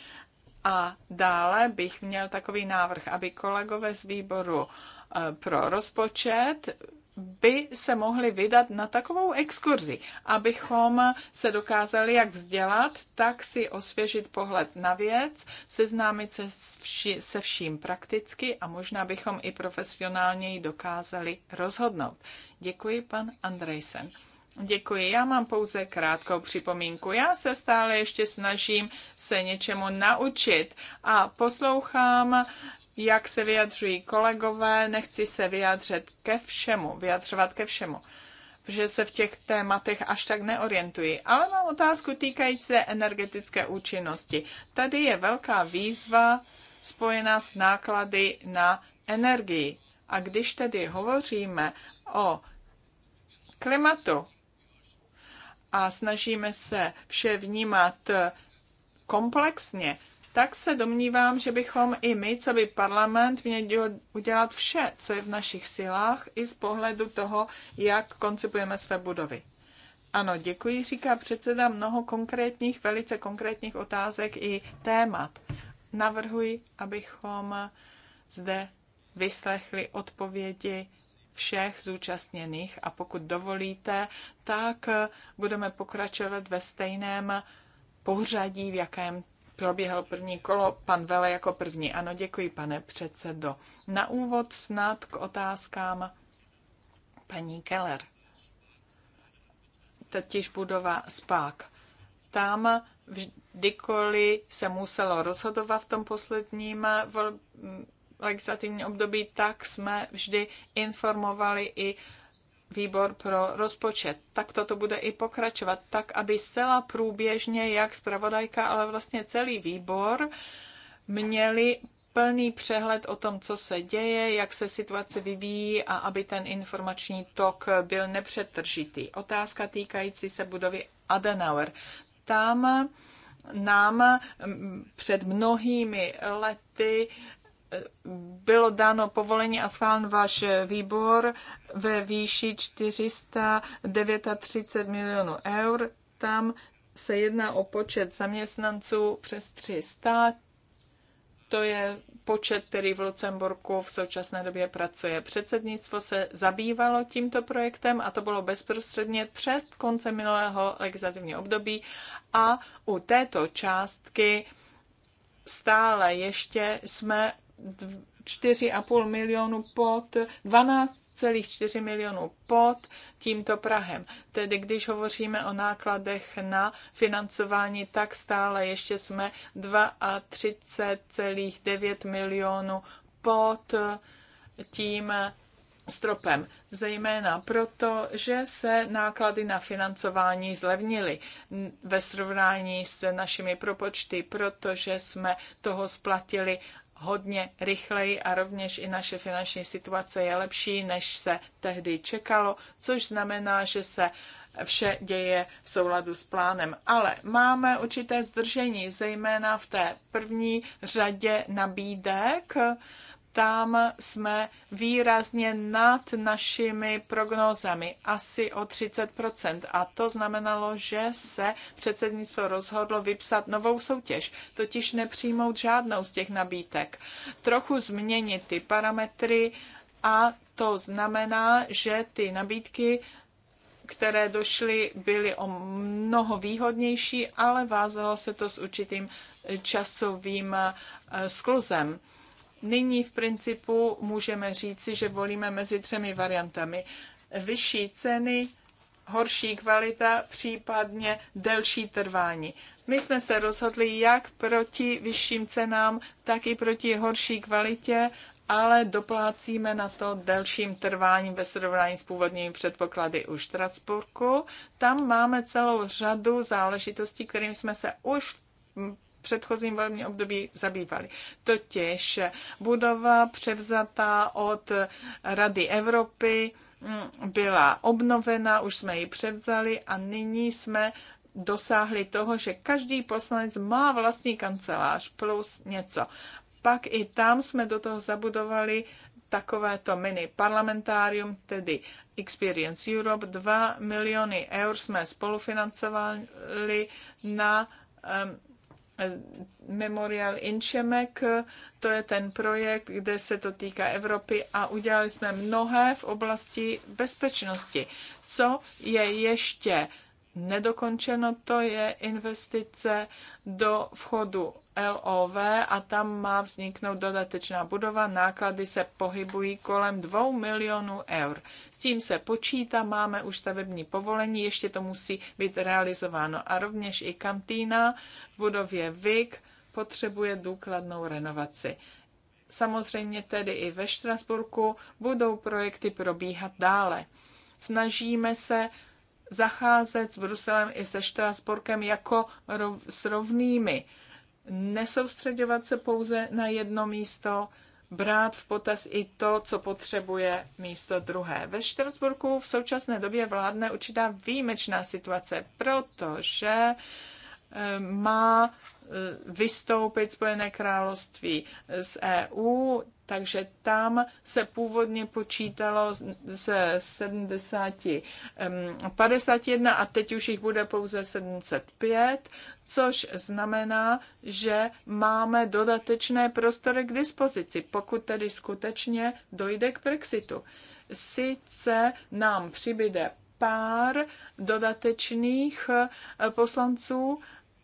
Speaker 1: A dále bych měl takový návrh, aby kolegové z výboru eh, pro rozpočet by se mohli vydat na takovou exkurzi, abychom se dokázali jak vzdělat, tak si osvěžit pohled na věc, seznámit se, vši, se vším prakticky a možná bychom i profesionálněji dokázali rozhodnout. Děkuji, pan Andrejsen. Děkuji. Já mám pouze krátkou připomínku. Já se stále ještě snažím se něčemu naučit a poslouchám jak se vyjadřují kolegové, nechci se vyjadřet ke všemu, vyjadřovat ke všemu, protože se v těch tématech až tak neorientuji. Ale mám otázku týkající se energetické účinnosti. Tady je velká výzva spojená s náklady na energii. A když tedy hovoříme o klimatu a snažíme se vše vnímat komplexně, tak se domnívám, že bychom i my, co by parlament, měli udělat vše, co je v našich silách, i z pohledu toho, jak koncipujeme své budovy. Ano, děkuji, říká předseda mnoho konkrétních, velice konkrétních otázek i témat. Navrhuji, abychom zde vyslechli odpovědi všech zúčastněných a pokud dovolíte, tak budeme pokračovat ve stejném pořadí, v jakém proběhl první kolo, pan Vele jako první. Ano, děkuji, pane předsedo. Na úvod snad k otázkám paní Keller. Totiž budova SPÁK. Tam vždykoliv se muselo rozhodovat v tom posledním legislativním období, tak jsme vždy informovali i uh, výbor pro rozpočet. Tak toto bude i pokračovat, tak aby zcela průběžně, jak zpravodajka, ale vlastně celý výbor, měli plný přehled o tom, co se děje, jak se situace vyvíjí a aby ten informační tok byl nepřetržitý. Otázka týkající se budovy Adenauer. Tam nám před mnohými lety bylo dáno povolení a schválen váš výbor ve výši 439 milionů eur. Tam se jedná o počet zaměstnanců přes 300. To je počet, který v Lucemburku v současné době pracuje. Předsednictvo se zabývalo tímto projektem a to bylo bezprostředně před konce minulého legislativního období a u této částky stále ještě jsme 4,5 milionu pod, 12,4 milionů pod tímto Prahem. Tedy když hovoříme o nákladech na financování, tak stále ještě jsme 32,9 milionů pod tím stropem, zejména proto, že se náklady na financování zlevnily ve srovnání s našimi propočty, protože jsme toho splatili hodně rychleji a rovněž i naše finanční situace je lepší, než se tehdy čekalo, což znamená, že se vše děje v souladu s plánem. Ale máme určité zdržení, zejména v té první řadě nabídek, tam jsme výrazně nad našimi prognózami, asi o 30%. A to znamenalo, že se předsednictvo rozhodlo vypsat novou soutěž, totiž nepřijmout žádnou z těch nabídek. Trochu změnit ty parametry a to znamená, že ty nabídky které došly, byly o mnoho výhodnější, ale vázalo se to s určitým časovým eh, skluzem Nyní v principu můžeme říci, že volíme mezi třemi variantami. Vyšší ceny, horší kvalita, případně delší trvání. My jsme se rozhodli jak proti vyšším cenám, tak i proti horší kvalitě, ale doplácíme na to delším trváním ve srovnání s původními předpoklady u Štrasburku. Tam máme celou řadu záležitostí, kterým jsme se už předchozím volebním období zabývali. Totiž budova převzatá od Rady Evropy mm, byla obnovena, už jsme ji převzali a nyní jsme dosáhli toho, že každý poslanec má vlastní kancelář plus něco. Pak i tam jsme do toho zabudovali takovéto mini parlamentárium, tedy Experience Europe. 2 miliony eur jsme spolufinancovali na um, Eh, Memorial Inčemek, to je ten projekt, kde se to týká Evropy a udělali jsme mnohé v oblasti bezpečnosti. Co je ještě nedokončeno, to je investice do vchodu LOV a tam má vzniknout dodatečná budova. Náklady se pohybují kolem 2 milionů eur. S tím se počítá, máme už stavební povolení, ještě to musí být realizováno. A rovněž i kantýna v budově VIK potřebuje důkladnou renovaci. Samozřejmě tedy i ve Štrasburku budou projekty probíhat dále. Snažíme se zacházet s Bruselem i se Štrasburkem jako rov, s rovnými. Nesoustředovat se pouze na jedno místo, brát v potaz i to, co potřebuje místo druhé. Ve Štrasburku v současné době vládne určitá výjimečná situace, protože uh, má eh, vystoupit Spojené království z EU, takže tam se původně počítalo ze 70, 51 a teď už jich bude pouze 705, což znamená, že máme dodatečné prostory k dispozici, pokud tedy skutečně dojde k Brexitu. Sice nám přibyde pár dodatečných eh, poslanců,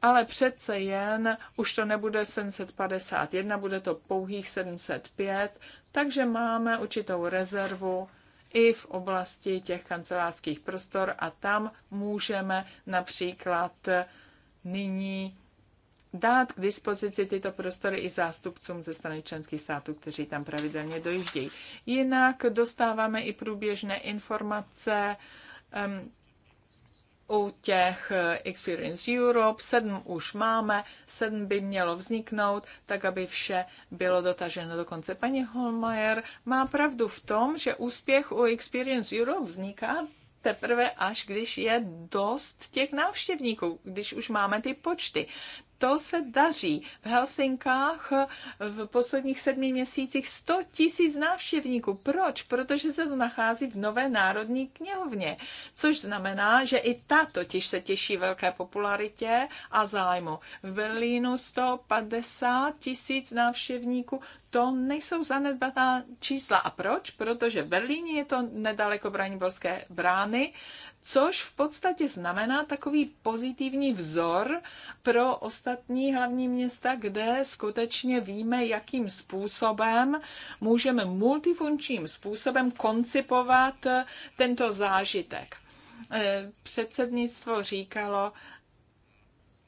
Speaker 1: ale přece jen už to nebude 751, bude to pouhých 705, takže máme určitou rezervu i v oblasti těch kancelářských prostor a tam můžeme například nyní dát k dispozici tyto prostory i zástupcům ze strany členských států, kteří tam pravidelně dojíždějí. Jinak dostáváme i průběžné informace, u těch eh, Experience Europe, sedm už máme, sedm by mělo vzniknout, tak aby vše bylo dotaženo do konce. Paní Holmajer má pravdu v tom, že úspěch u Experience Europe vzniká teprve až když je dost těch návštěvníků, když už máme ty počty to se daří. V Helsinkách v posledních sedmi měsících 100 tisíc návštěvníků. Proč? Protože se to nachází v Nové národní knihovně, což znamená, že i ta totiž se těší velké popularitě a zájmu. V Berlínu 150 tisíc návštěvníků, to nejsou zanedbatá čísla. A proč? Protože v Berlíně je to nedaleko Braniborské brány, což v podstatě znamená takový pozitivní vzor pro ostatní hlavní města, kde skutečně víme, jakým způsobem můžeme multifunkčním způsobem koncipovat tento zážitek eh, předsednictvo říkalo,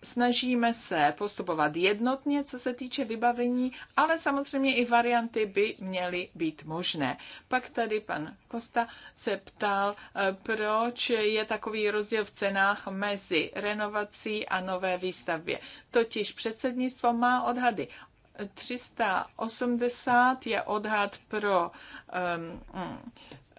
Speaker 1: snažíme se postupovat jednotně, co se týče vybavení, ale samozřejmě i varianty by měly být možné. Pak tady pan Kosta se ptal, eh, proč je takový rozdíl v cenách mezi renovací a nové výstavbě. Totiž předsednictvo má odhady. 380 eh, je odhad pro um,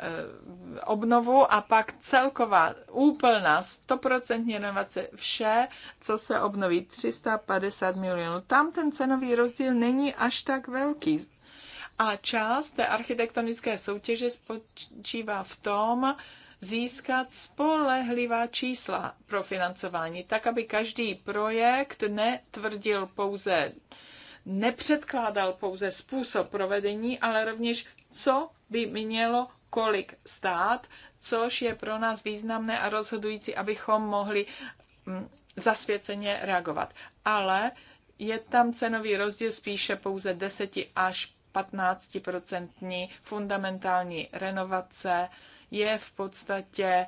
Speaker 1: Eh, obnovu a pak celková úplná 100% renovace vše, co se obnoví 350 milionů. Tam ten cenový rozdíl není až tak velký. A část té architektonické soutěže spočívá v tom, získat spolehlivá čísla pro financování, tak aby každý projekt netvrdil pouze nepředkládal pouze způsob provedení, ale rovněž co by mělo kolik stát, což je pro nás významné a rozhodující, abychom mohli mm, zasvěceně reagovat. Ale je tam cenový rozdíl spíše pouze 10 až 15% fundamentální renovace je v podstatě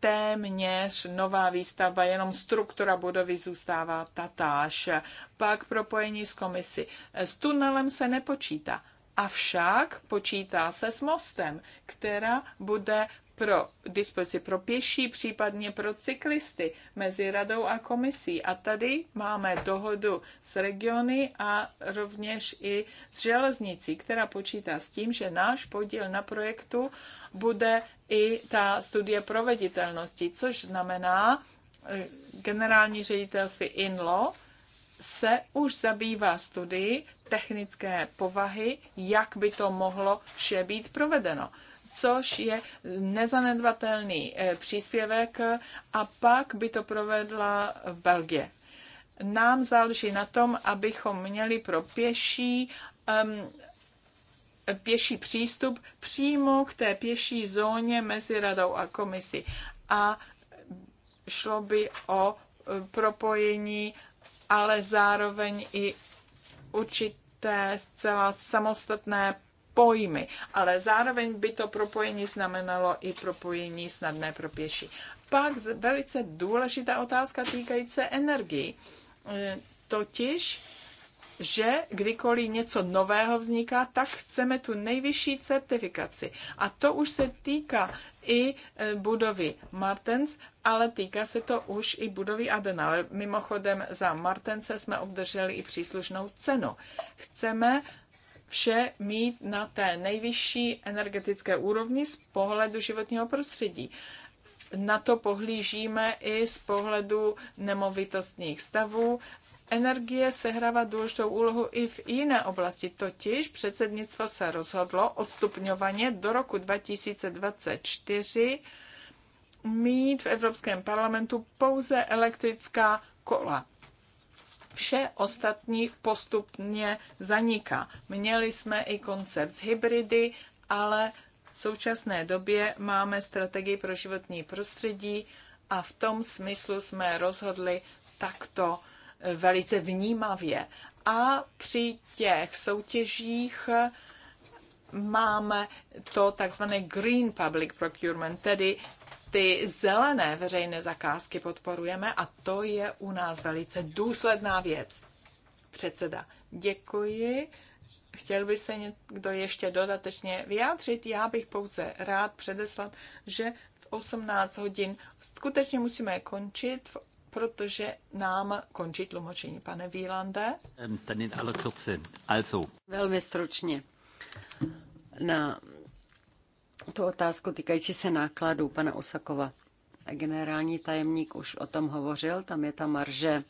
Speaker 1: téměř nová výstavba, jenom struktura budovy zůstává tatáž. Pak propojení s komisí. S tunelem se nepočítá. Avšak počítá se s mostem, která bude pro dispozici pro pěší, případně pro cyklisty mezi radou a komisí. A tady máme dohodu s regiony a rovněž i s železnicí, která počítá s tím, že náš podíl na projektu bude i ta studie proveditelnosti, což znamená, eh, generální ředitelství INLO se už zabývá studií technické povahy, jak by to mohlo vše být provedeno což je nezanedbatelný eh, příspěvek a pak by to provedla v Belgie. Nám záleží na tom, abychom měli pro pěší um, pěší přístup přímo k té pěší zóně mezi radou a komisí. A šlo by o eh, propojení, ale zároveň i určité zcela samostatné pojmy, ale zároveň by to propojení znamenalo i propojení snadné pro pěší. Pak velice důležitá otázka týkající se energii. E, totiž, že kdykoliv něco nového vzniká, tak chceme tu nejvyšší certifikaci. A to už se týká i e, budovy Martens, ale týká se to už i budovy Adenauer. Mimochodem za Martense jsme obdrželi i příslušnou cenu. Chceme vše mít na té nejvyšší energetické úrovni z pohledu životního prostředí. Na to pohlížíme i z pohledu nemovitostních stavů. Energie sehrává důležitou úlohu i v jiné oblasti, totiž předsednictvo se rozhodlo odstupňovaně do roku 2024 mít v Evropském parlamentu pouze elektrická kola Vše ostatní postupně zaniká. Měli jsme i koncept z hybridy, ale v současné době máme strategii pro životní prostředí a v tom smyslu jsme rozhodli takto eh, velice vnímavě. A při těch soutěžích eh, máme to takzvané green public procurement, tedy ty zelené veřejné zakázky podporujeme a to je u nás velice důsledná věc. Předseda, děkuji. Chtěl by se někdo ještě dodatečně vyjádřit? Já bych pouze rád předeslat, že v 18 hodin skutečně musíme končit, protože nám končí tlumočení. Pane Výlande?
Speaker 3: Ähm, Velmi stručně. Na tu otázku týkající se nákladů pana Usakova. Generální tajemník už o tom hovořil, tam je ta marže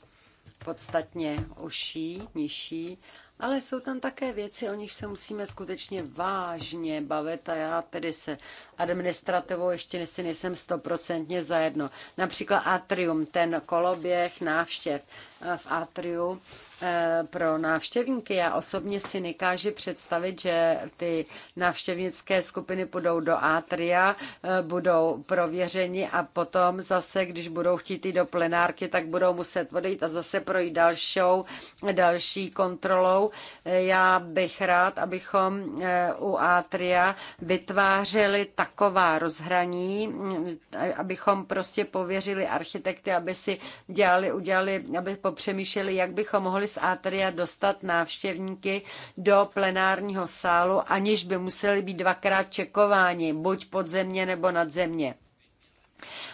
Speaker 3: podstatně uší, nižší, ale jsou tam také věci, o nich se musíme skutečně vážně bavit a já tedy se administrativou ještě si nejsem stoprocentně zajedno. Například Atrium, ten koloběh návštěv eh, v Atriu Eh, pro návštěvníky. Já osobně si nekáže představit, že ty návštěvnické skupiny půjdou do Atria, eh, budou prověřeni a potom zase, když budou chtít jít do plenárky, tak budou muset odejít a zase projít dalšou, další kontrolou. Eh, já bych rád, abychom u Atria vytvářeli taková rozhraní, mm, abychom prostě pověřili architekty, aby si dělali, udělali, aby popřemýšleli, jak bychom mohli z Atria dostat návštěvníky do plenárního sálu, aniž by museli být dvakrát čekováni, buď podzemně nebo nadzemně,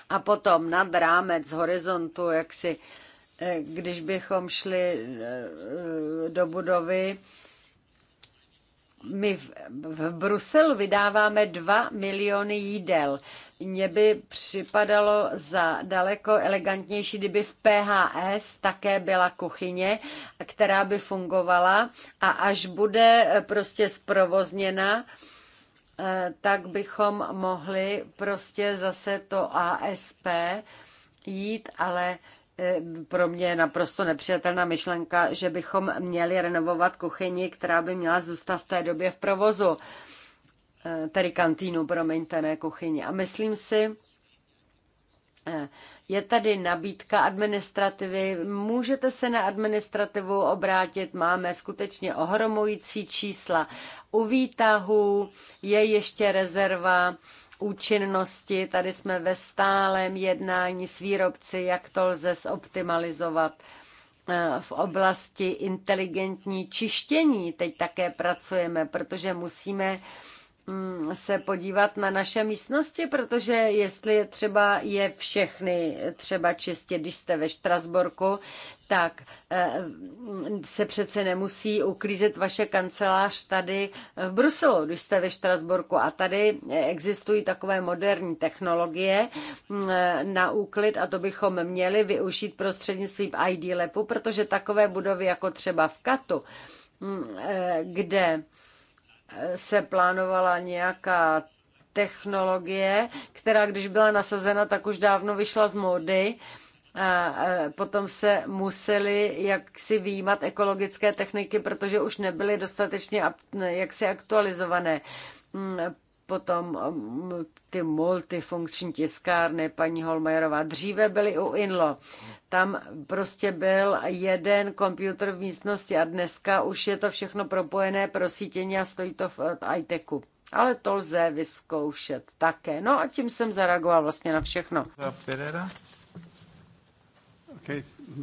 Speaker 3: A potom nad rámec horizontu, jak si eh, když bychom šli eh, do budovy, my v, v Bruselu vydáváme 2 miliony jídel. Mně by připadalo za daleko elegantnější, kdyby v PHS také byla kuchyně, která by fungovala a až bude eh, prostě zprovozněna, eh, tak bychom mohli prostě zase to ASP jít, ale pro mě je naprosto nepřijatelná myšlenka, že bychom měli renovovat kuchyni, která by měla zůstat v té době v provozu, eh, tedy kantýnu, promiňte, ne kuchyni. A myslím si, eh, je tady nabídka administrativy, můžete se na administrativu obrátit, máme skutečně ohromující čísla. U výtahů je ještě rezerva účinnosti. Tady jsme ve stálem jednání s výrobci, jak to lze zoptimalizovat eh, v oblasti inteligentní čištění teď také pracujeme, protože musíme Mm, se podívat na naše místnosti, protože jestli je třeba je všechny třeba čistě, když jste ve Štrasborku, tak eh, mm, se přece nemusí uklízet vaše kancelář tady v Bruselu, když jste ve Štrasborku. A tady existují takové moderní technologie mm, eh, na úklid a to bychom měli využít prostřednictvím ID Lepu, protože takové budovy jako třeba v Katu, eh, kde se plánovala nějaká technologie, která když byla nasazena, tak už dávno vyšla z módy. A potom se museli jaksi výjímat ekologické techniky, protože už nebyly dostatečně jaksi aktualizované mm, Potom um, ty multifunkční tiskárny, paní Holmajerová, dříve byly u Inlo. Tam prostě byl jeden počítač v místnosti a dneska už je to všechno propojené pro sítění a stojí to v iTechu. Ale to lze vyzkoušet také. No a tím jsem zareagoval vlastně na všechno.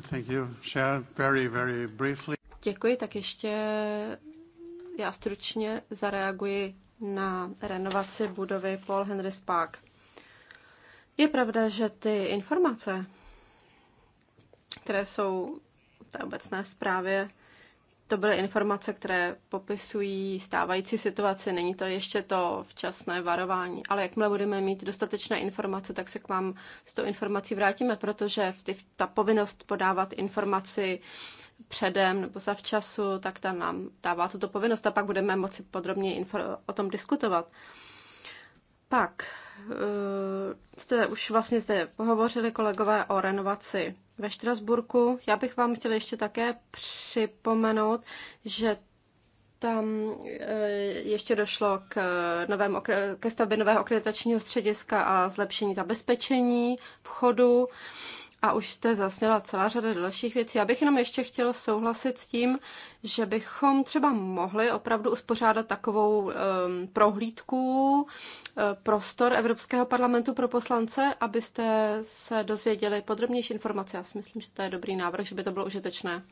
Speaker 1: thank you. Share very, very briefly.
Speaker 3: Děkuji,
Speaker 2: tak ještě já stručně zareaguji na renovaci budovy Paul Henry Spark. Je pravda, že ty informace, které jsou v té obecné zprávě, to byly informace, které popisují stávající situaci, není to ještě to včasné varování, ale jakmile budeme mít dostatečné informace, tak se k vám s tou informací vrátíme, protože ty, ta povinnost podávat informaci předem nebo za včasu tak ta nám dává tuto povinnost a pak budeme moci podrobně o tom diskutovat. Pak eh, jste už vlastně zde pohovořili kolegové o renovaci ve Štrasburku. Já bych vám chtěla ještě také připomenout, že tam eh, ještě došlo k eh, novému, ke stavbě nového akreditačního střediska a zlepšení zabezpečení vchodu a už jste zasněla celá řada dalších věcí. Já bych jenom ještě chtěla souhlasit s tím, že bychom třeba mohli opravdu uspořádat takovou um, prohlídku um, prostor Evropského parlamentu pro poslance, abyste se dozvěděli podrobnější informace. Já si myslím, že to je dobrý návrh, že by to bylo užitečné.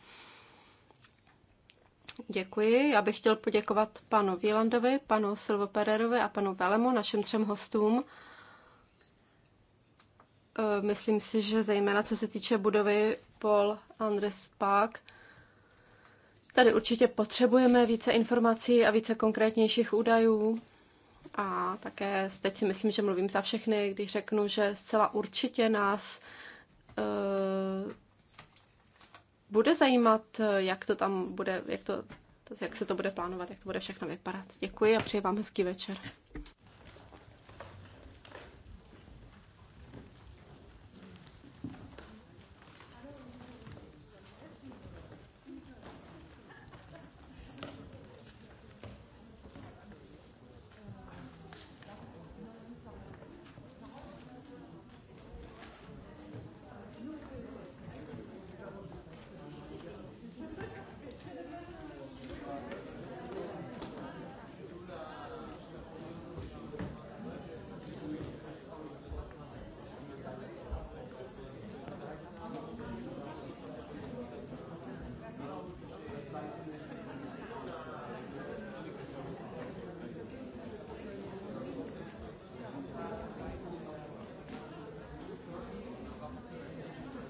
Speaker 2: Děkuji. Já bych chtěl poděkovat panu Vílandovi, panu Pererovi a panu Velemu, našim třem hostům. Eh, myslím si, že zejména co se týče budovy Paul Andres Park, tady určitě potřebujeme více informací a více konkrétnějších údajů. A také teď si myslím, že mluvím za všechny, když řeknu, že zcela určitě nás uh, bude zajímat, eh, jak to tam bude, jak, to, jak se to bude plánovat, jak to bude všechno vypadat. Děkuji a přeji vám hezký večer.